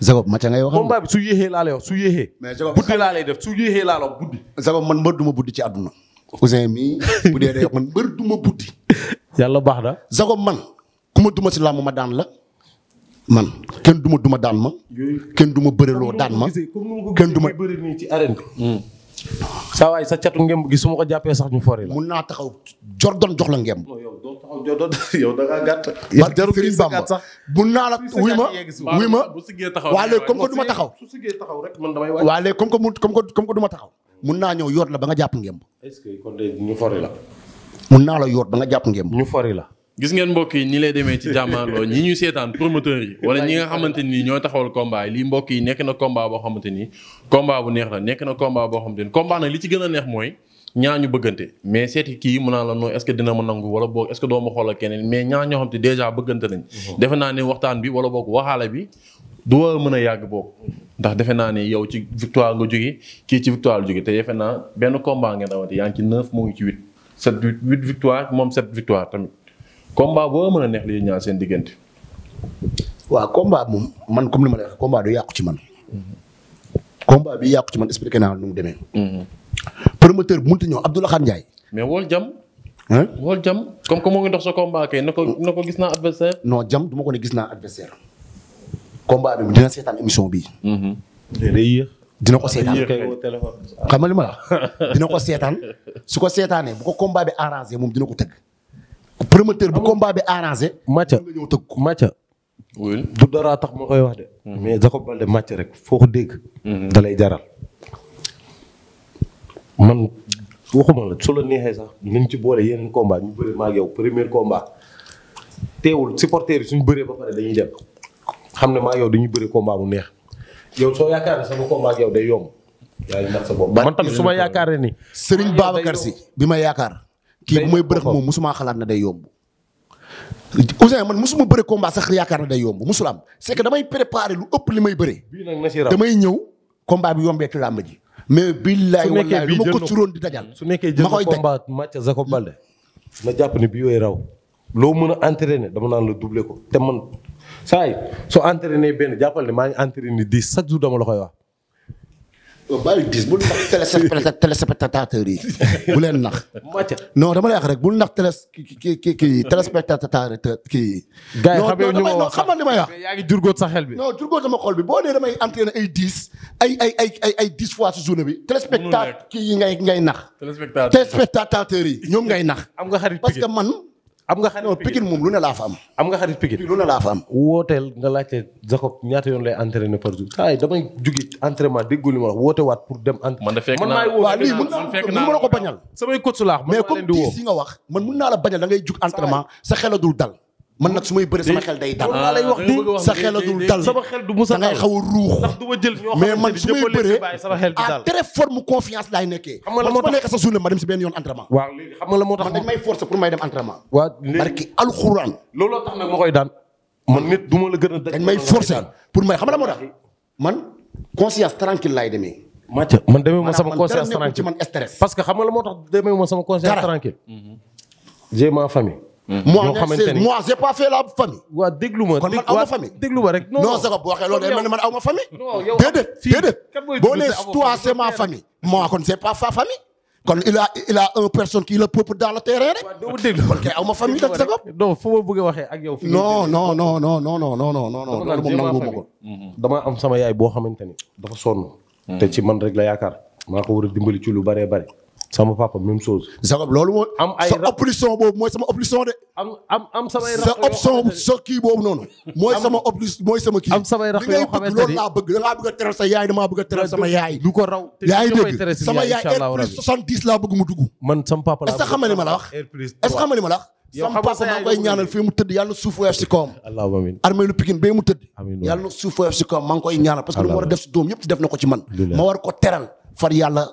Zagob Mathia ngay wax. combat bi su yéexee laa lay wax su yéexee. mais Zagob buddi laa lay def su yéexee laa la wax buddi. Zagob man mbër du buddi ci àdduna. Ousseyn mii bu man mbër du buddi yàlla baax na. Zago man ku ma duma si làmb ma daan la man kenn duma duma daan ma. kenn duma bëreloo daan ma. kenn duma bëri nii ci arène bi. Mm. saa waay sa catu ngemb gi su ma ko jàppee sax ñu fori la. mun naa taxaw Jordan jox la ngemb. yow doo taxaw yow da ngaa gàtt. yow jarul Serigne Bamba mun naa la wuy ma wuy ma waa léegi comme que du ma taxaw. su sigee taxaw rek man damay waa léegi comme que mu ma taxaw. mun naa ñëw yor la ba nga jàpp ngemb. est la. mun naa la yoot ba nga jàpp ngeen. ñu fori la. gis ngeen mbokk yi ni lay demee ci jàmmaarloo ñi ñu seetaan promoteur yi wala ñi nga xamante nii ñoo taxawal combat yi lii mbokk yi nekk na combat boo xamante nii combat bu neex la nekk na combat boo xamante ni combat nag li ci gën a neex mooy ñaa ñu bëggante mais seeti kii mu naa la non est ce que dina ma nangu wala boog est ce xoolal keneen mais ñaa ñoo xam te dèjà bëggante nañ mhm. defe naa ne waxtaan bi wala boog waxaale bi a yàgg boog ndax defe naa ne yow ci victoire nga jóge kii ci victoire la jóge te defe naa benn combat ngeen amati yaa ngi ci neuf moo sept huit victoire moom sept victoire tamit combat boo mën a neex li ñaar seen diggante. waaw combat moom man comme ni ma la yàqu ci man. combat bi yàqu ci man expliqué naa nu mu demee. Mhm. promoteur mun mënta ñëw Abdoulaye Khane Ndiaye. mais wool jam. wool jam comme que moo ngi dox sa combat kay na ko oh. na ko gis naa adversaire. non jam du ma ne gis naa adversaire. combat bi dina seetaan émission bii. Mhm. dina ko seetaan. xam ma la dina ko seetaan. su ko seetaanee bu ko combat bi arrangé moom dina ko tëgg. promoteur bu combat bi arrangé. Macha nga ñëw tëgg ko du dara tax ma koy wax de. mais Jacob Baldé Macha rek foo ko dégg. Mhm. da lay jaral. man waxuma la su la neexee sax nañ ci boole yeneen combat ñu bëri maag yow premier combat teewul supporter yi suñu bëree ba pare dañuy dem xam ne maag yow dañuy bëri combat bu neex yow soo yaakaar ne sama combat ak yow day yomb. man tamit su ma yaakaaree ni. Serigne Babacar si bi ma yaakaar. kii bu may bërëx moom mosuma xalaat na day yomb. Ousseyn man mosuma bëre combat sax yaakaar na day yomb mosul am c'est que damay préparer lu ëpp li may bëre. damay ñëw combat bi yombee ci làmb ji. mais billaay wallaay lu ma ko curoon di dajal. su nekkee jël na combat Mathieu Jacob Baldé ma jàpp ne bii yooyu raw. loo mën a entraîner dama naan la doubler ko te man saa yi soo entraîner benn jàppal ne maa ngi entraîner dix chaque jour dama la koy wax. Euh, bàyyi diis bul nax télé téléspectateurs yi bu leen nax. non dama lay wax rek bul nax télé ki ki kii téléspectateur kii. gars yi xam ñu ma wax xam li may wax. yaa sa xel bi. non xol bi boo dee damay entraîné ay dix ay ay ay ay ay dix fois si journée bi. téléspectateur kii ngay ngay nax. téléspectateur yi ñoom ngay nax. am nga xarit parce que man. am nga xarit Pikine moom lu ne fa am. am nga xarit Pikine lu ne laa fa am. wooteel nga laajte Jacob ñaata yoon lay entraîné par jour. saa yi damay jugee entraînement déggoo li ma wax woote waat pour dem. man de fekk naa waaw lii mën naa la ko bañal. samay coach laax mais comme tiis yi nga wax man mun naa la bañal da ngay jug entraînement sa xeladu dal. man nag su may bëri sama xel day dal ah, sa a dul dal sama xel dangay xaw a ruux ndax du ma jël ñoo mais man su may bëree à très forme confiance laay nekkee xam moo tax nekk ma la moo tax man dañ may forcer pour may du ma la gën a dañ may forcer pour may xam nga la moo tax man conscience tranquille laay demee Mathieu man demee ma sama conscience tranquille man stress parce que xam nga la moo tax demee ma sama conscience tranquille j'ai ma famille moi moi j'ai pas fait la famille. waaw déglu ma kon man aw ma famille. déglu ma rek non non sax boo waxee loolu day mel ni man aw ma famille. déedéet déedéet boo nee toi c'est ma famille. moi kon c'est pas sa famille. kon il a il a une personne qui le peuple dans le terrain rek. waaw dégg nga kon kay aw ma famille nag sa bopp. non fu ma bëgg a waxee ak yow. fii non non non non non non non non non non loolu moom nanguwuma ko. damaa am sama yaay boo xamante ni dafa sonn. Hmm. te ci man rek la yaakaar. maa ko war a dimbali ci lu baree bare. sama papa même chose. Jacob loolu moo. am ay sa option boobu mooy sama option sa option a teral sa yaay damaa bëgg a teral lu mu war a def si doom yëpp def na ko ci man. ma war ko teral far yàlla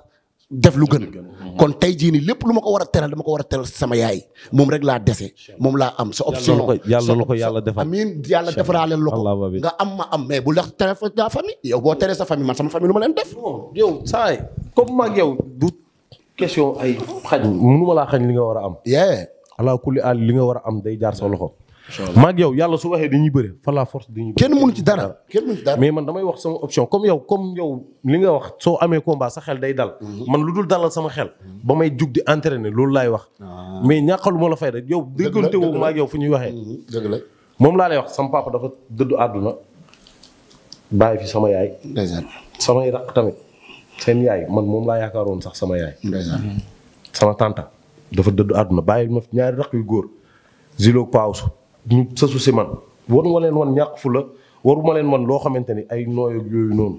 def lu gën mhm. kon tey jii nii lépp lu ma ko war a teral dama ko war a teral sama yaay moom rek laa dese moom laa am sa option yàlla la ko yàlla defal amiin yàlla defaraaleel la ko nga am ma am mais bu la tere daa famille yow boo teree sa famille man sama famille lu ma leen def yow saay comme mag yow du question ay xañ ma laa xañ li nga war a am yee alaa kulli aal li nga war a am day jaar sa loxo maag yow yàlla su waxee dañuy bëre fa la force dañuy bëre kenn mënu ci dara kenn mënu mais man damay wax sama option comme yow comme yow li nga wax soo amee combat sa xel day dal mhm. man lu dul dalal sama xel ba may jug di ne loolu laay wax ah. mais ñàkkalu la fay rek yow déggante woo maag yow fu ñuy waxee mhm, dëgg la moom laa lay wax sama papa dafa dëddu àdduna bàyyi fi sama yaay samay raq tamit seen yaay man moom laa yaakaaroon sax sama yaay sama tanta dafa dëddu àdduna bàyyi ma fi ñaari raq yu góor zilo pawsu ñu sësu si man waruma leen wan ñàkk fu la waruma leen wan loo xamante ni ay nooy yooyu noonu.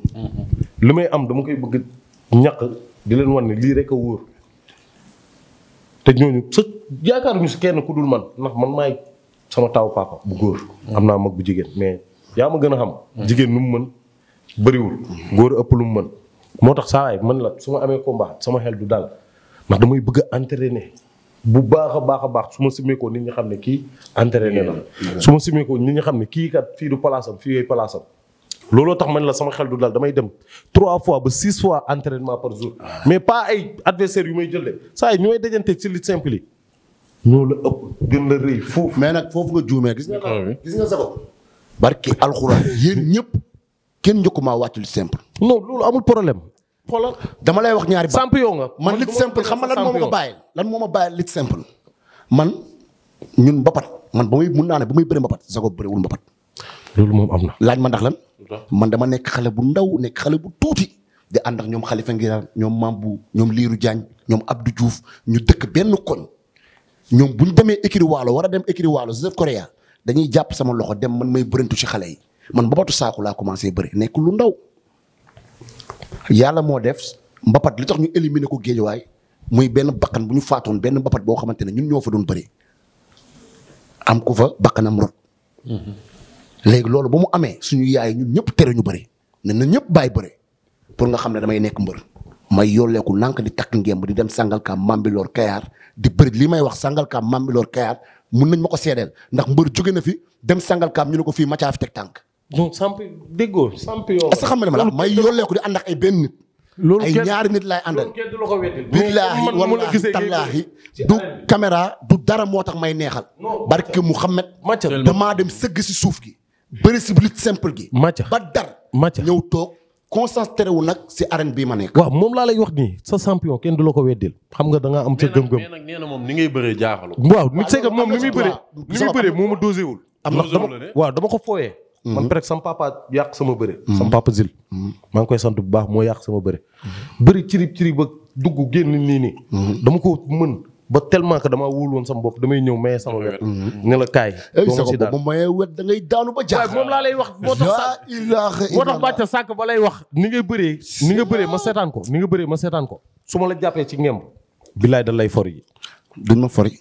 li may am dama koy bëgg ñàkk di leen wan ne lii rek a wóor te ñooñu sa yaakaaruñu si kenn ku dul man ndax man may sama taaw papa bu góor. am naa mag bu jigéen mais yaa ma gën a xam. jigéen nu mu mën bëriwul. góor ëpp lu mu mën. moo tax saa waay man la su ma amee combat sama xel du dal ndax damay bëgg a entraîner bu baax a baax a baax su ma simmeekoo nit ñi xam ne kii entraîné na su ma simmeekoo nit ñi xam ne kii kat fii du palaasam fii ngay palaasam looloo tax man la sama xel du daal damay dem trois fois ba six fois entraînement par jour ah. mais pas ay adversaire yu may jël de saa yi ñooy dajante ci li simple yi ñoo la ëpp gën la rëy foofu. mais nag foofu nga juumee gis nga ah gis nga Sakho barki alxuraan yéen ñëpp kenn maa wàcc lu simple. non loolu amul problème xoolal dama lay wax ñaari ba champion nga man lit simple xam nga lan moo ma ko bàyyi lan moo ma bàyyi lit simple man ñun mbapat man ba muy mun naa ne ba muy bëri mbapat Zago bëriwul mbapat loolu moom am na laaj ma ndax lan man dama nekk xale bu ndaw nekk xale bu tuuti di ànd ak ñoom Khalifa Ngiraan ñoom Mambou ñoom Liiru Diagne ñoom Abdou Diouf ñu dëkk benn koñ ñoom bu ñu demee écurie Waalo war a dem écurie Waalo Joseph Correa dañuy jàpp sama loxo dem man may bërintu ci xale yi man mbapatu saaku laa commencé bëri nekk lu ndaw yàlla moo def mbapat lu tax ñu éliminer ko géejawaay muy benn bakkan bu ñu faatoon benn mbapat boo xamante ne ñun ñoo fa doon bëri am ku fa bakkanam rot. Mhm. léegi loolu ba mu amee suñu yaay ñun ñëpp tere ñu bëri ne na ñëpp bàyyi bëri pour nga xam ne damay nekk mbër. may yolleeku nànk di takk ngemb di dem Sangalkam Mambilor Kayar di bëri lii may wax Sangalkam Mambilor Kayar mun nañ ma ko seedeel ndax mbër jóge na fi dem Sangalkam ñu ne ko fii Mathia fi teg tànk. non samp déggoo samp yoo. parce que xam ma la may yolleeku di ànd ak ay benn nit. loolu ay ñaari nit lay àndal. billaahi wallaahi tallaahi du caméra du dara moo tax may neexal. barke Mouhamed. damaa dem sëgg si suuf gi. bëri si lutte simple gi. ba dar. ñëw toog concentré wu nag si arène bii ma nekk. moom laa lay wax nii sa champion kenn du la ko weddil xam nga da ngaa am sa gëm na nee moom ni ngay bëree jaaxaloo. waaw c'est que moom ni muy bëree. moomu dosé am na dama waaw dama ko fooyee. man mhm. peut-être sama yàq sama bëre. Mhm. sama papa Zil. Mhm. maa ngi koy sant bu baax moo yàq sama bëre. bëri cirib cirib ba dugg génn nii nii. dama ko mën ba tellement que damaa wóolu woon sama bopp damay ñëw maye sama wet. ne la kaay. Eh, doo ma si daan maye wet da ngay daanu ba jaaxal. moom laa lay wax moo tax sànq moo tax bàcc sànq ba lay wax. ni nga bëree ni nga bëree ma seetaan ko nga bëree ma seetaan ko. su ma la jàppee ci ngemb. billaay da lay for yi. duñ ma fori.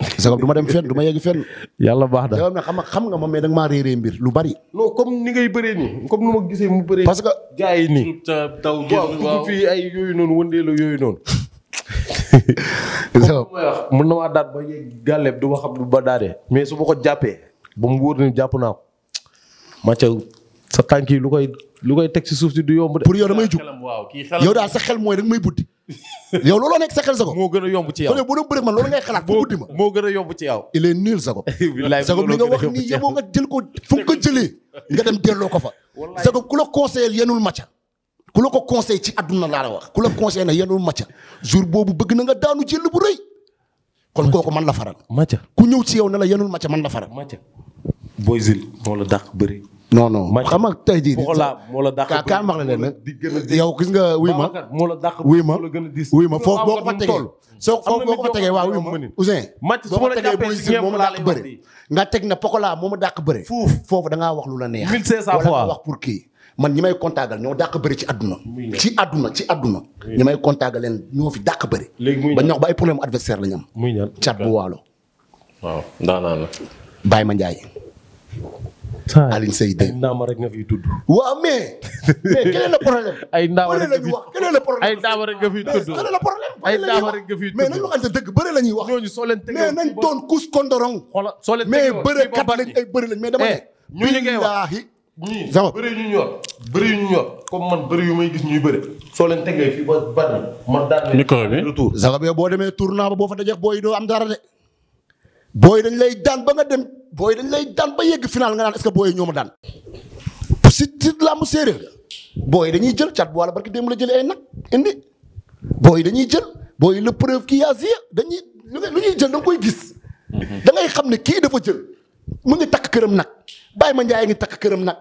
sagam du ma dem fenn du ma yegg fenn. yàlla baax da na xam xam nga moom mais da nga maa réeree mbir lu bari. non comme ni ngay bëree nii comme nu ma gisee mu bëree. parce que gars yi nii. taw waaw fii ay yooyu yooyu noonu. na maa daat ba yegg gàlleeb du ma xam du ba daanee. mais su ma ko jàppee ba mu wóor ni jàpp naa ko. ma ca sa tànk yi lu koy lu koy teg ci suuf si du yomb de. pour yow damay daal sa xel mooy rek may buddi. yow looloo nekk sa xel Jacob. moo gën a yomb ci yow bu doon bëri man loolu ngay xalaat bu guddi ma. moo gën a yomb ci yow. nga wax nii yow nga jël ko fu nga ko jëlee nga dem delloo ko fa. wallaay Jacob ku la conseillé yenul macca ku la ko conseillé ci àdduna laa wax ku la conseillé na yenul macca jour boobu bëgg na nga daanu jël bu rëy. kon kooku man la faral. macca ku ñëw ci yow ne la yenul macca man la faral. macca Boy Zil moo la dàq bëri. non non xam nga tey jii ka ka wax la leen nag yow gis nga wuy ma wuy ma wuy ma foofu boo ko fa tegee ma foofu boo ko fa tegee waaw wuy ma Ousseyn boo ko tegee Boy Zinc moo ma dàq teg na Pokola moo ma dàq bëre foofu da ngaa wax lu la neex wala nga wax pour kii man ñi may contactal ñoo dàq bëri ci àdduna ci àdduna ci àdduna ñi may contactal leen ñoo fi dàq bëri ba ñox ba ay problème adversaire la ñu am cat bu waalo waaw daanaan la Ma Ndiaye Alioune Seye de. ay ndaama rek nga fiy tudd. waaw mais. mais keneen la problème. ay ndaama rek nga fiy wax keneen la problème. ay ndaama mais la waxante dëgg bëre la wax. mais nañ doon kus kondorong. mais bëre kat ay bëre lañ mais dama ne. Eh, ñu ñuy bëri soo leen tegee fii ba bari man daan micro bi retour Zaka bee boo demee tournoi ba boo fa dajeex booy doo am dara de booy dañ lay daan ba nga dem booy dañ lay daan ba yegg final nga naan est-ce que booy ñoo ma daan si si làmb séeréer dañuy jël caat bu wàlla barki démb la jëlee ay nag indi booy dañuy jël booy la preuve kii yaa ziya dañuy lu ñuy jël da koy gis. Mhm. da xam ne kii dafa jël mu ngi takk këram nag bàyyi ma njaay ngi takk këram nag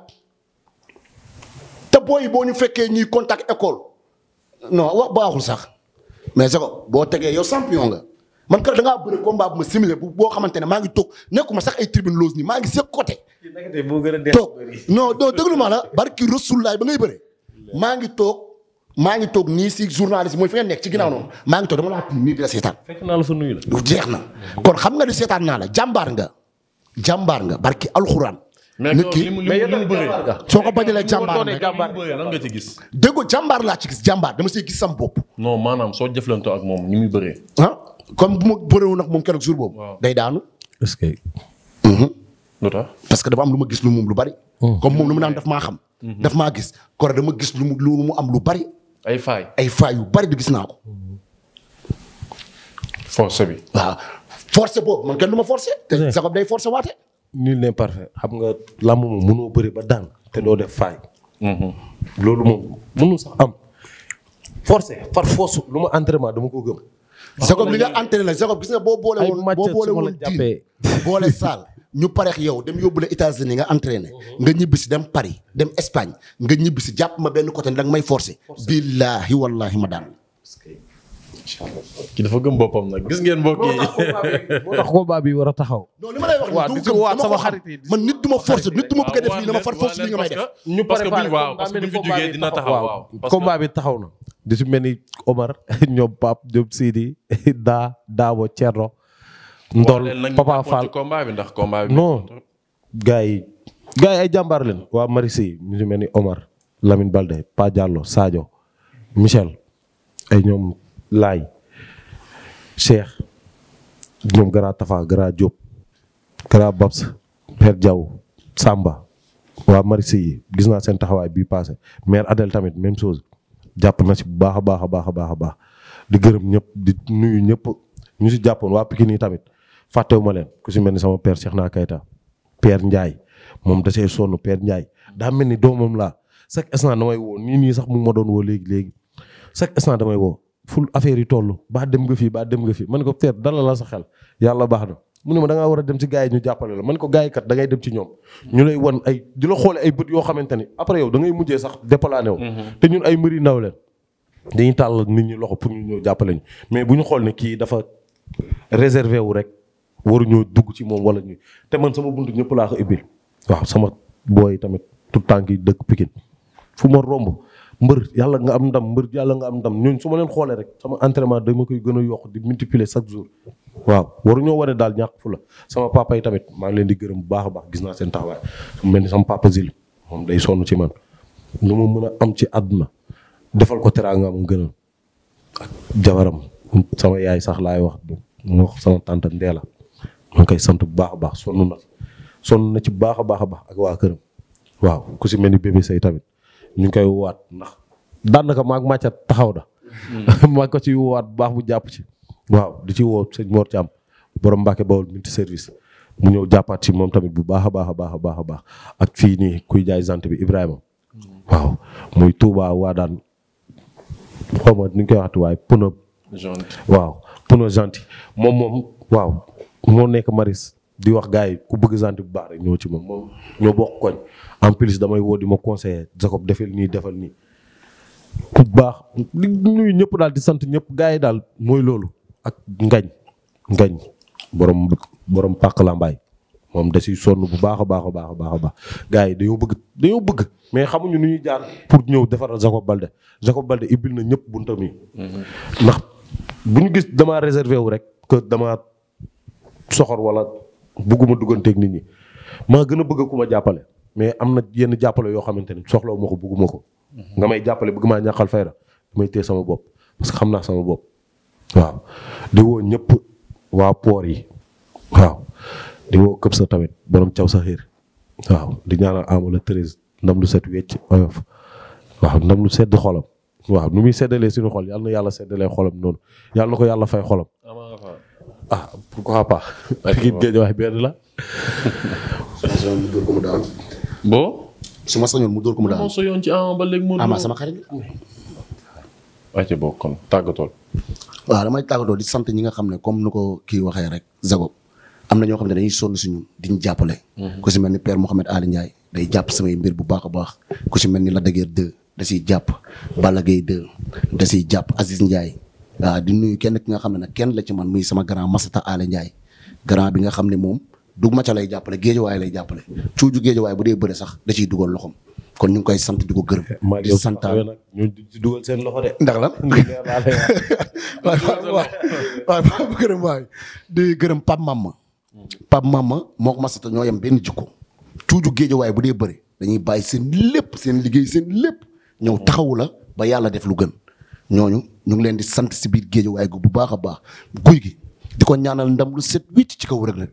te booy boo ñu fekkee ñuy contact école no wax baaxul sax mais c'est que boo tegee yow champion nga. man keroog da ngaa bëri combat bu ma similé boo xamante ne maa ngi toog nekkuma sax ay tribune loose nii maa ngi sëg côté. toog non non déglu ma la barki Rasulullaay ba ngay bëre maa ngi toog maa ngi toog nii si journaliste mooy fi nga nekk ci ginnaaw noonu maa ngi toog dama laa tiim nii bi seetaan. fekk jeex na kon xam nga di seetaan naa la jàmbaar nga jàmbaar nga barki alxuraan mais soo ko bañalee jàmbaar nag lan nga ci gis. déggu jàmbaar laa ci gis jàmbaar dama see gis sam bopp. non maanaam soo jëflantoo ak moom ni muy bëree. ah comme bu ma bëreewoon ak moom keroog jour boobu. day daanu. est que. Mhm. lu tax parce que am lu ma gis lu moom lu bari. Oh. comme moom lu mu naan daf maa xam. Mhm. daf maa gis kon dama gis lu mu lu mu am lu bari. ay faay ay faay yu bari di gis naa ko. force bi. waaw force boobu man kenn du ma forcer. te Jacob day forcer waate. nul n'est parfait xam nga làmb moom mënoo bëri ba daan te doo def faay. Mhm. loolu moom mënul sax am. forcé par force lu ma entraînement dama ko gëm. Jacob li nga entraîné la Jacob gis nga boo boole woon boo boole woon diir boole saal ñu pareex yow dem yóbbu la États-Unis nga ne nga ñibbi si dem Paris dem Espagne nga ñibbi si jàpp ma benn côté danga may forcé billaahi wallaahi ma daal ki dafa gëm boppam na gis ngeen mbokk yi. tax combat bi war a taxaw. non ma nit du ma force nit du ma bëgg def lii dama far force li nga may def. ñu préparé bi taxaw na. di su mel ni Omar ñoom Pape ñoom Sidi daa Daabo Thierno. Ndol Papa Fall combat bi ndax combat bi. non gars yi ay jàmbaar leen. waa Marissi ñu si mel ni Omar Lamine Balde Pa Diallo Sadio Michel ay ñoom. laay Cheikh ñoom Gara Tafa Gara Diop Gara Babs Père Diaw Samba waa Marissa yi gis naa seen taxawaay bii passé maire Adel tamit même chose jàpp na si bu baax a baax a baax a baax a baax di gërëm ñëpp di nuyu ñëpp ñu si jàppoon waa Pikine yi tamit fàttewuma leen ku si mel ni sama père Cheikh naa Kayta Père Ndiaye moom da see sonn Père Ndiaye daa mel ni doomam laa chaque instant damay woo nii nii sax mu ma doon woo léegi léegi chaque instant damay woo. ful affaire yi toll baa dem nga fii baa dem nga fii man ko peut-être dala la sa xel yàlla baax na mu ne ma da ngaa war a dem ci gars yi ñu jàppale la man ko gars yi kat da ngay dem ci ñoom ñu lay wan ay di la xoole ay bët yoo xamante ni après yow da ngay mujjee sax déplané wu mhm. te ñun ay mbëri ndaw leen dañuy tàll nit ñi loxo pour ñu ñëw jàppale ñu mais bu ñu xool ne kii dafa réservé wu rek waruñoo dugg ci moom wala ñu te man sama buntu ñëpp laa ko ubbil waaw sama booy tamit tout tànk yi dëkk Pikine fu ma mbër yàlla nga am ndam mbër yàlla nga am ndam ñooñ su ma leen xoolee rek sama entraînement dama koy gën a yokk di multiplier chaque jour waaw waruñoo wane daal ñàkk fu la sama papa yi tamit maa ngi leen di gërëm baax a baax gis naa seen taxawaay mel ni sama papa Zil moom day sonn ci man lu mu mën a am ci àdduna defal ko teraanga mu gënal ak jabaram sama yaay sax laay wax moo sama tante Ndéla maa ngi koy sant bu baax a baax sonn na sonn na ci baax a baax a baax ak waa këram waaw ku si mel ni bébé say tamit. ñu ngi koy woowaat ndax daanaka maag màcca taxaw na. Mm. maa ko ci woowaat bu baax bu jàpp ci. waaw di ci woo sëñ Mor Thiam borom Mbacke Bawol multi service mu ñëw jàppaat ci moom tamit bu baax a baax a baax a baax a baax ak fii nii kuy jaay jant bi Ibrahima. Mm. waaw muy Touba waa daan xaw nu ñu koy waxati waaye Pono. waaw Pono gentil moom moom waaw moo nekk Maris. di wax gars yi ku bëgg Zante bu baax rek ñëw ci moom moom ñoo bokk koñ en plus damay woo di ma conseiller Jacob defal nii defal nii ku baax di nuyu ñëpp daal di sant ñëpp gars yi daal mooy loolu ak ngañ ngañ borom borom pàq lambaay moom da siy sonn bu baax a baax a baax a baax a baax gars yi dañoo bëgg dañoo bëgg mais xamuñu nu ñuy jaar pour ñëw defaral Jacob Balde Jacob Balde ibbil na ñëpp buntam yi mm-hmm. ndax bu ñu gis damaa réservé wu rek que damaa soxor wala bëgguma dugganteeg nit ñi maa gën a bëgg ku ma jàppale mais am na yenn jàppale yoo xamante ni soxlawu ma ko bëgguma ko. nga may jàppale bëgg maa ñàkkal fayda damay téye sama bopp xam naa sama bopp waaw di ñëpp waa poor yi waaw di sa tamit borom caw sa xiir waaw di ñaanal amala treize ndam lu set wecc oyof waaw ndam lu sedd xolam waaw nu muy seddalee suñu xol yàlla na yàlla seddalee xolam noonu yàlla ko yàlla fay xolam ah pour pas. kii géejawaay benn la. su ma sañoon mu dóor ko mu daanu. bon. su ma sañoon mu dóor ko mu daanu. moo sama xarit la. waa ca bokk kon di sant ñi nga xam ne comme nu ko kii waxee rek Zago am na ñoo xam ne dañuy sonn suñu di ñu jàppale. Mhm. ku si mel ni père Mouhamed Ali Ndiaye day jàpp samay mbir bu baax a baax ku si mel ni la de Guiers 2 jàpp Balla Gaye 2 siy jàpp Aziz Ndiaye. waaw di nuyu kenn ki nga xam ne nag kenn la ci man muy sama grand Masata Ala Ndiaye grand bi nga xam ne moom du maca lay jàppale waaye lay jàppale cuuju géejawaay bu dee bëre sax da ciy dugal kon ñu ngi koy sant di ko gërëm. di sant ñu di seen loxo de. ndax lan waaw waaw gërëm waay di gërëm Pape Mama. Pape Mama moo ko Masata ñoo yem bu dee bëre dañuy bàyyi seen lépp seen liggéey seen lépp ñëw taxawu la ba yàlla def lu gën ñooñu ñu ngi leen di sant si biir géejawaay bu baax a baax guy gi di ko ñaanal ndam lu set wicc ci kaw rek Reug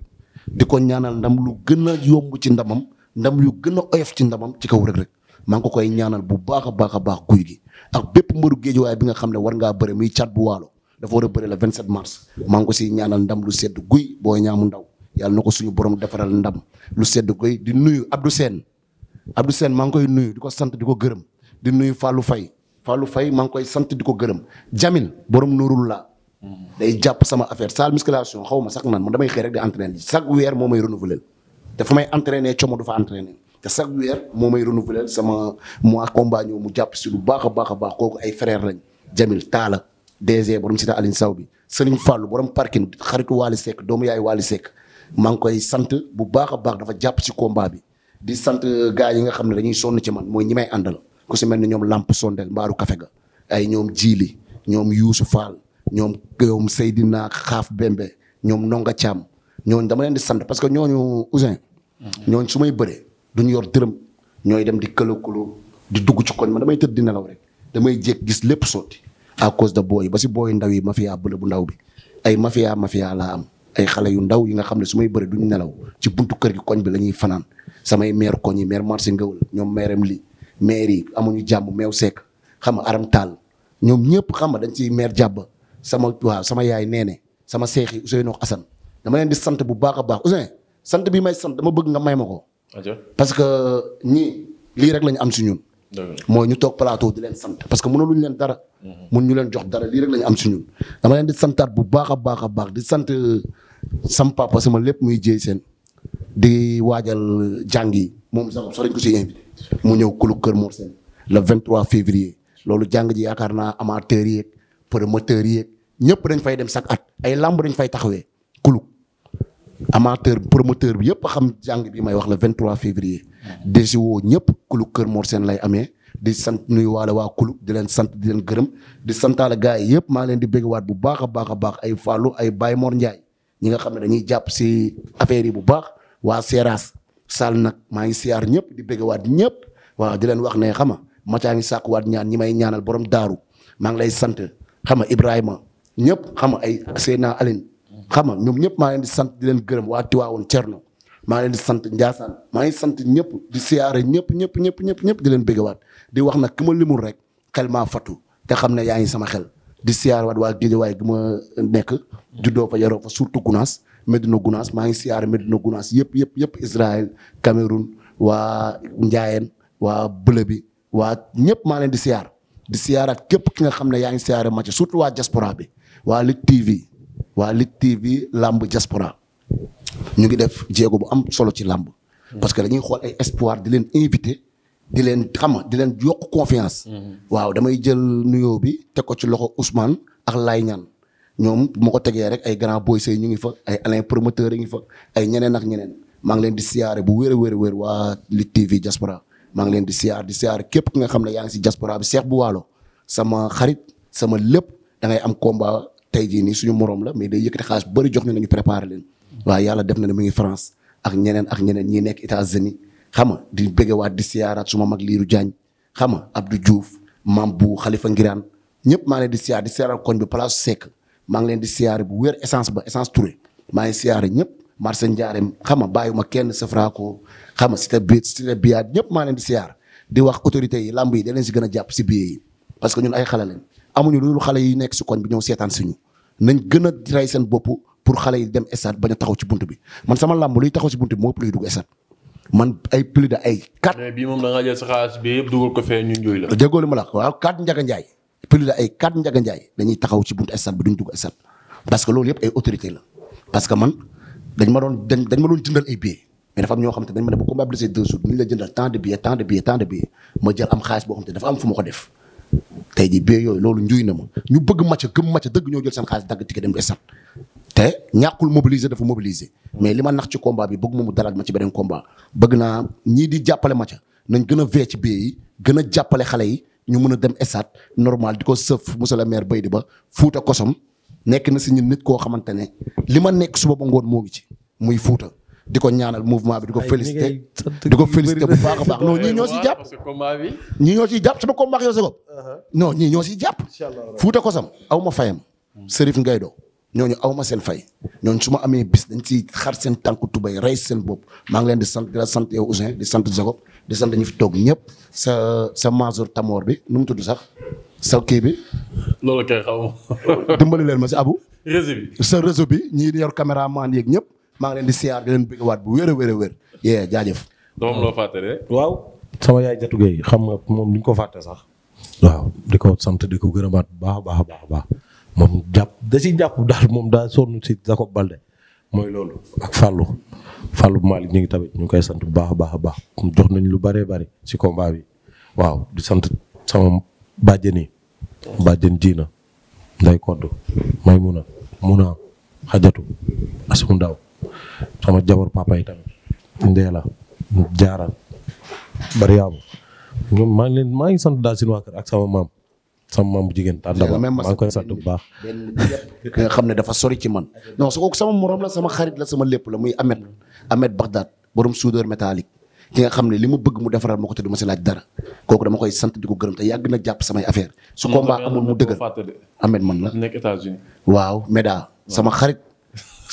di ko ñaanal ndam lu gën a yomb ci ndamam ndam yu gën a oyof ci ndamam ci kaw rek Reug maa ngi ko koy ñaanal bu baax a baax a baax guy gi ak bépp mbëru géejuwaay bi nga xam ne war ngaa bëre muy caat bu waalo dafa war a bëre le 27 mars maa ngi ko ñaanal ndam lu sedd guy boo ñaamu ndaw yàlla na ko suñu borom defaral ndam lu sedd guy di nuyu Abdou Sène Abdou Sène maa ngi koy nuyu di ko sant di ko gërëm di nuyu Fallou fay Fallou fay maa ngi koy sant di ko gërëm Jamin borom nurul la day jàpp sama affaire salle musculation xaw ma sax nan man damay xëy rek di entraîner chaque weer moo may renouveler te fu may entraîner coomo du fa entraîner te chaque weer moo may renouveler sama mois combat mu jàpp si lu baax a baax a baax kooku ay frère lañ Jamil Talla DG borom Cité Aline Saw bi Serigne Fallou borom parking xaritu Waly Seck yaay Waly Seck maa ngi koy sant bu baax a baax dafa jàpp si combat bi di sant euh, gars yi nga xam ne dañuy sonn ci man mooy ñi may àndal. ku si mel ni ñoom Lamp Sondel mbaaru kafe ga ay ñoom Jili ñoom Youssou Fall ñoom ñoom Seydina Xaaf Bembe ñoom Nonga Thiam ñooñu dama leen di sant parce que ñooñu Ousin. Mhm. ñooñ sumay bëre bëree duñu yor dërëm ñooy dem di këlëkulu di dugg ci koñ ma damay tëdd di nelaw rek damay jékk gis lépp sotti à cause de booy ba si booy ndaw yi mafia bële bu ndaw bi ay mafia mafia laa am ay xale yu ndaw yi nga xam ne su may bëri duñu nelaw ci buntu kër gi koñ bi la ñuy fanaan samay maire koñ yi maire marché ñoom mairem lii maire yi amuñu jàmm meew seek xam nga aram taal ñoom ñëpp xam nga dañ ci maire jàbba sama waaw sama yaay nee ne sama seex yi Ousseynou Assane dama leen sant bu a baax Ousseynou sant bi may sant dama bëgg nga may ma ko. parce que ñii lii rek lañu am si ñun. mooy ñu toog di leen sant parce que mënaluñ leen dara. Mhm. mun ñu leen jox dara lii rek am si dama leen di bu baax a baax a baax di sant euh, sam papa sama lépp muy jëy seen di waajal jàng yi moom sax soriñ ko si invité. mu ñëw kulu Kër Mor Sène le 23 février loolu jàng ji yaakaar naa amateurs yeeg promoteurs yeeg ñëpp dañ fay dem chaque at ay làmb dañ fay taxawee kulu amateur promoteur bi yëpp xam jàng bi may wax le 23 février di si woo ñëpp kulu Kër Mor Sène lay amee di sant nuyu waale waa kulu di leen sant di leen gërëm di santaale gars yi yëpp maa leen di béggewaat bu baax a baax a baax ay Fallou ay baay Mor Ndiaye ñi nga xam ne dañuy jàpp si affaire yi bu baax waa Seras Sall nag maa ngi siyaar ñëpp di béggewaat ñëpp waaw di leen wax na ne xama macaa ngi sàkkuwaat ñaan ñi may ñaanal borom daaru maa ngi lay sant xama Ibrahima ñëpp xama ay Seyna Aline xama ñoom ñëpp maa leen di sant di leen gërëm waa Tiwaawoon Cerno maa leen di sant Ndiassane maa ngi sant ñëpp di siyaar ñëpp ñëpp ñëpp ñëpp ñëpp di leen béggewaat di wax nag ki ma limul rek xel maa fatu te xam ne yaa ngi sama xel di siyaar waat waa Géejawaay waaye ma nekk juddoo fa yaroo fa surtout Gunaas Medina Gunaas maa ngi siyaare Medina Gunaas yëpp yëpp yëpp Israël Cameroun waa Njaayeen waa bële bi waa ñëpp maa leen di siyaar di siyaaraat képp ki nga xam ne yaa ngi siyaare match surtout waa diaspora bi waa Lutte TV waa Lutte TV làmb diaspora ñu ngi def jéego bu am solo ci lamb parce que dañuy xool ay espoir di leen invité di leen xam di leen yokk confiance mm-hmm. waaw damay jël nuyoo bi teg ko ci loxo Ousmane ak Lay Ñaan ñoom bu ko tegee rek ay grand boys ñu ngi fa ay alain promoteur yi ngi fa ay ñeneen ak ñeneen maa ngi leen di siyaare bu wér a wér waa lit TV diaspora maa ngi leen di siyaar di siyaar képp ki nga xam ne yaa ngi si diaspora bi Cheikh Bou Walo sama xarit sama lépp da ngay am combat tey jii nii suñu morom la mais day yëkkati xaalis bëri jox ne nañu préparé leen waaye yàlla def na ne mu ngi France ak ñeneen ak ñeneen ñi nekk États-Unis xam nga di bëggewaat di siyaaraat suma mag Liiru Diagne xam nga Abdou Diouf mam bu Khalifa Ngiraan ñëpp maa ngi leen di siyaar di siyaaraat koñ bi place Seck maa ngi leen di siyaare bu wér essence ba essence Touré maa ngi siyaare ñëpp marché Ndiarème xam nga bàyyiwuma kenn Safraako xam nga cité bi cité ñëpp maa leen di siyaar di wax autorités yi lamb yi da si gën a jàpp si billet yi parce que ñun ay xale lañ amuñu loolu xale yi nekk si koñ bi ñëw seetaan suñu nañ gën a rey seen bopp pour xale yi dem stade bañ a taxaw ci bunt bi man sama lamb luy taxaw si bunt bi moo ëpp luy dugg stade man ay plus de ay. quatre mais bii plus la ay quatre Ndiaga Ndiaye dañuy taxaw ci buntu stade bi duñ dugg stade parce que loolu yëpp ay autorité la parce que man dañ ma doon dañ dañ ma doon jëndal ay billets mais dafa am ñoo xam ma ne bu combat blessé deux jours ñu la jëndal tant de billets tant de billets tant de billets ma jël am xaalis boo xam te dafa am fu ma ko def tey ji billets yooyu loolu njuy na ma ñu bëgg match gëm match dëgg ñoo jël seen xaalis dagg ticket dem du stade te ñàkkul mobiliser dafa mobiliser mais li ma nax ci combat bi bëgg mu dalal ma ci beneen combat bëgg naa ñii di jàppale match nañ gën a vee ci billets gën a jàppale xale yi ñu mën a dem esat normal di ko sëf monsieur le maire di Ba fuuta kosom nekk na si ñun nit koo xamante ne li ma nekk suba ba ngoon moo ngi ci muy fuuta di ko ñaanal mouvement bi di ko félicité di ko félicité bu baax a baax non ñii ñoo siy jàpp ñii ñoo siy jàpp sama combat yow sa bopp uh-huh. non ñii ñoo siy jàpp fuuta kosam aw ma fayam Serif Ngaydo ñooñu aw ma seen fay ñooñu su ma amee bis dañ siy xar seen tànk tubay rey seen bopp maa ngi leen di sant di la sant yow Ousseyn di sant Jacob di sant ñu fi toog ñëpp sa sa Mansour Tamoor bi nu mu tudd sax sa kii bi. loolu kay xaw ma. dimbali leen ma si Abu. réseau bi sa réseau bi ñi yor caméraman yeeg ñëpp maa ngi leen di siyaar di leen bëgg waat bu wér a wér a wér. yee jaajëf. doom loo fàtte de. waaw sama yaay Jatu Gey xam nga moom duñ ko fàtte sax. waaw di ko sant di ko gërëmaat bu baax a baax a baax moom jàpp da si jàpp daal moom daa sonn si Jacob Balde. mooy loolu ak Fallou bu Malick ñu ngi tamit ñu ngi koy sant bu baax a baax a baax jox nañ lu bëree bëri si combat bi waaw di sant sama bàjjen yi bàjjen jiina nday kodd may mun a mun a xajatu asum ndaw sama jabar papa yi tamit ndee la jaaral maa ngi leen maa ngi sant daal seen waa kër ak sama maam sama maam bu jigéen tànda ba maa ngi koy sant bu baax ki nga xam ne dafa sori ci man non su kooku sama morom la sama xarit la sama lépp la muy Ahmed Ahmed Bagdad borom soudeur métallique ki xam ne li ma bëgg mu defaral moo ko te du ma si laaj dara kooku dama koy sant di ko gërëm te yàgg na jàpp samay affaire su combat amul mu dëggal Ahmed man la nekk États-Unis waaw Meda sama xarit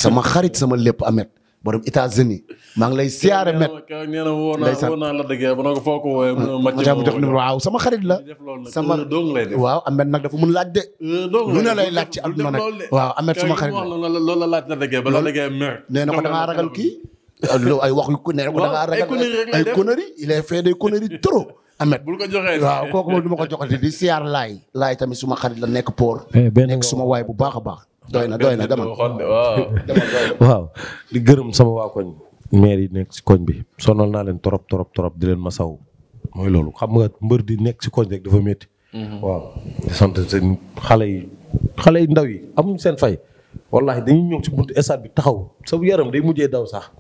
sama xarit sama lépp Ahmed borom États-Unis maa ngi lay siyaare met nee naa la dëggee ba ko foo ko wooyee jox waaw sama xarit la sama dong lay def waaw Ahmed nag dafa mun laaj de lu ne lay laaj ci a nag waaw Ahmed sama xarit la loolu la laaj la dëggee ba la dëggee mer nee na ko dangaa ragal ay wax yu ku nee na ko dangaa ragal ay conneries il waaw kooku moom ma ko joxati di siyaar laay laay tamit suma xarit la nekk poor eh, nekk suma waay bu baax a baax doy na doy na dama waaw di gërëm sama waa koñ maire yi nekk ci koñ bi sonal naa leen trop trop trop di leen ma saw mooy loolu xam nga mbër di nekk si koñ rek dafa métti mhm. waaw di sant seen xale yi xale yi ndaw yi amuñ seen fay wallahi dañuy ñëw si buntu stade bi taxaw sa yaram day mujjee daw sax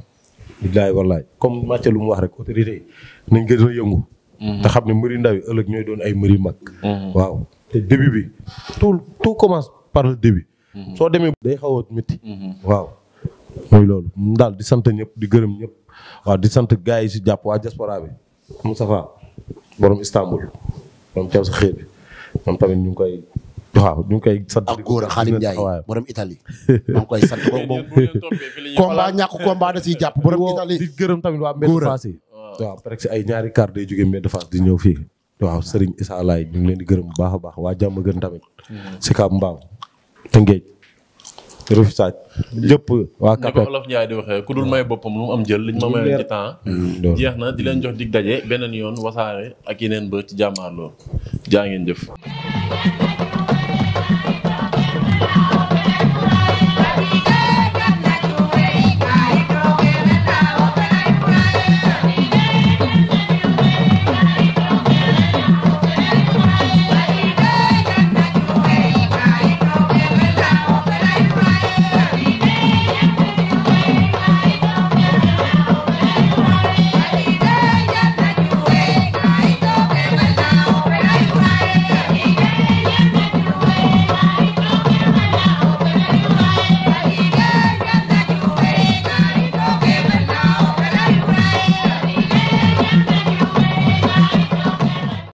billaay wallaay comme Mathieu lu mu wax rek autorité yi nañ gën yëngu mhm. te xam ne mbëri ndaw yi ëllëg ñooy doon ay mbëri mag mhm. waaw te début bi tout tout par le Mhm. soo demee day xaw a métti. Mhm. waaw mooy loolu mu daal di sant ñëpp di gërëm ñëpp waa di sant gars yi si jàpp waa diaspora bi Moustapha borom Istanbul moom teew sa xëy bi moom tamit ñu ngi koy. waaw ñu ngi koy sant ak góor a Xaalim Njaay borom Italie koy sant boobu moom combat ñàkk combat da siy jàpp borom Italie di gërëm tamit waa Mbedd Fass yi waaw presque ay ñaari car day jógee Mbedd Fass di ñëw fii waaw Serigne Issa Laye ñu ngi leen di gërëm bu baax a baax waa jàmm gën tamit mhm. si kaab mbaam Tëngéej Rufisque lépp waa Kapel Olof di waxee ku dul may boppam lu mu am jël liñ ma mayoon ci temps mm, jeex na di leen jox dig daje beneen yoon wasaare ak yeneen ba ci jàmmaarloo jaa ngeen jëf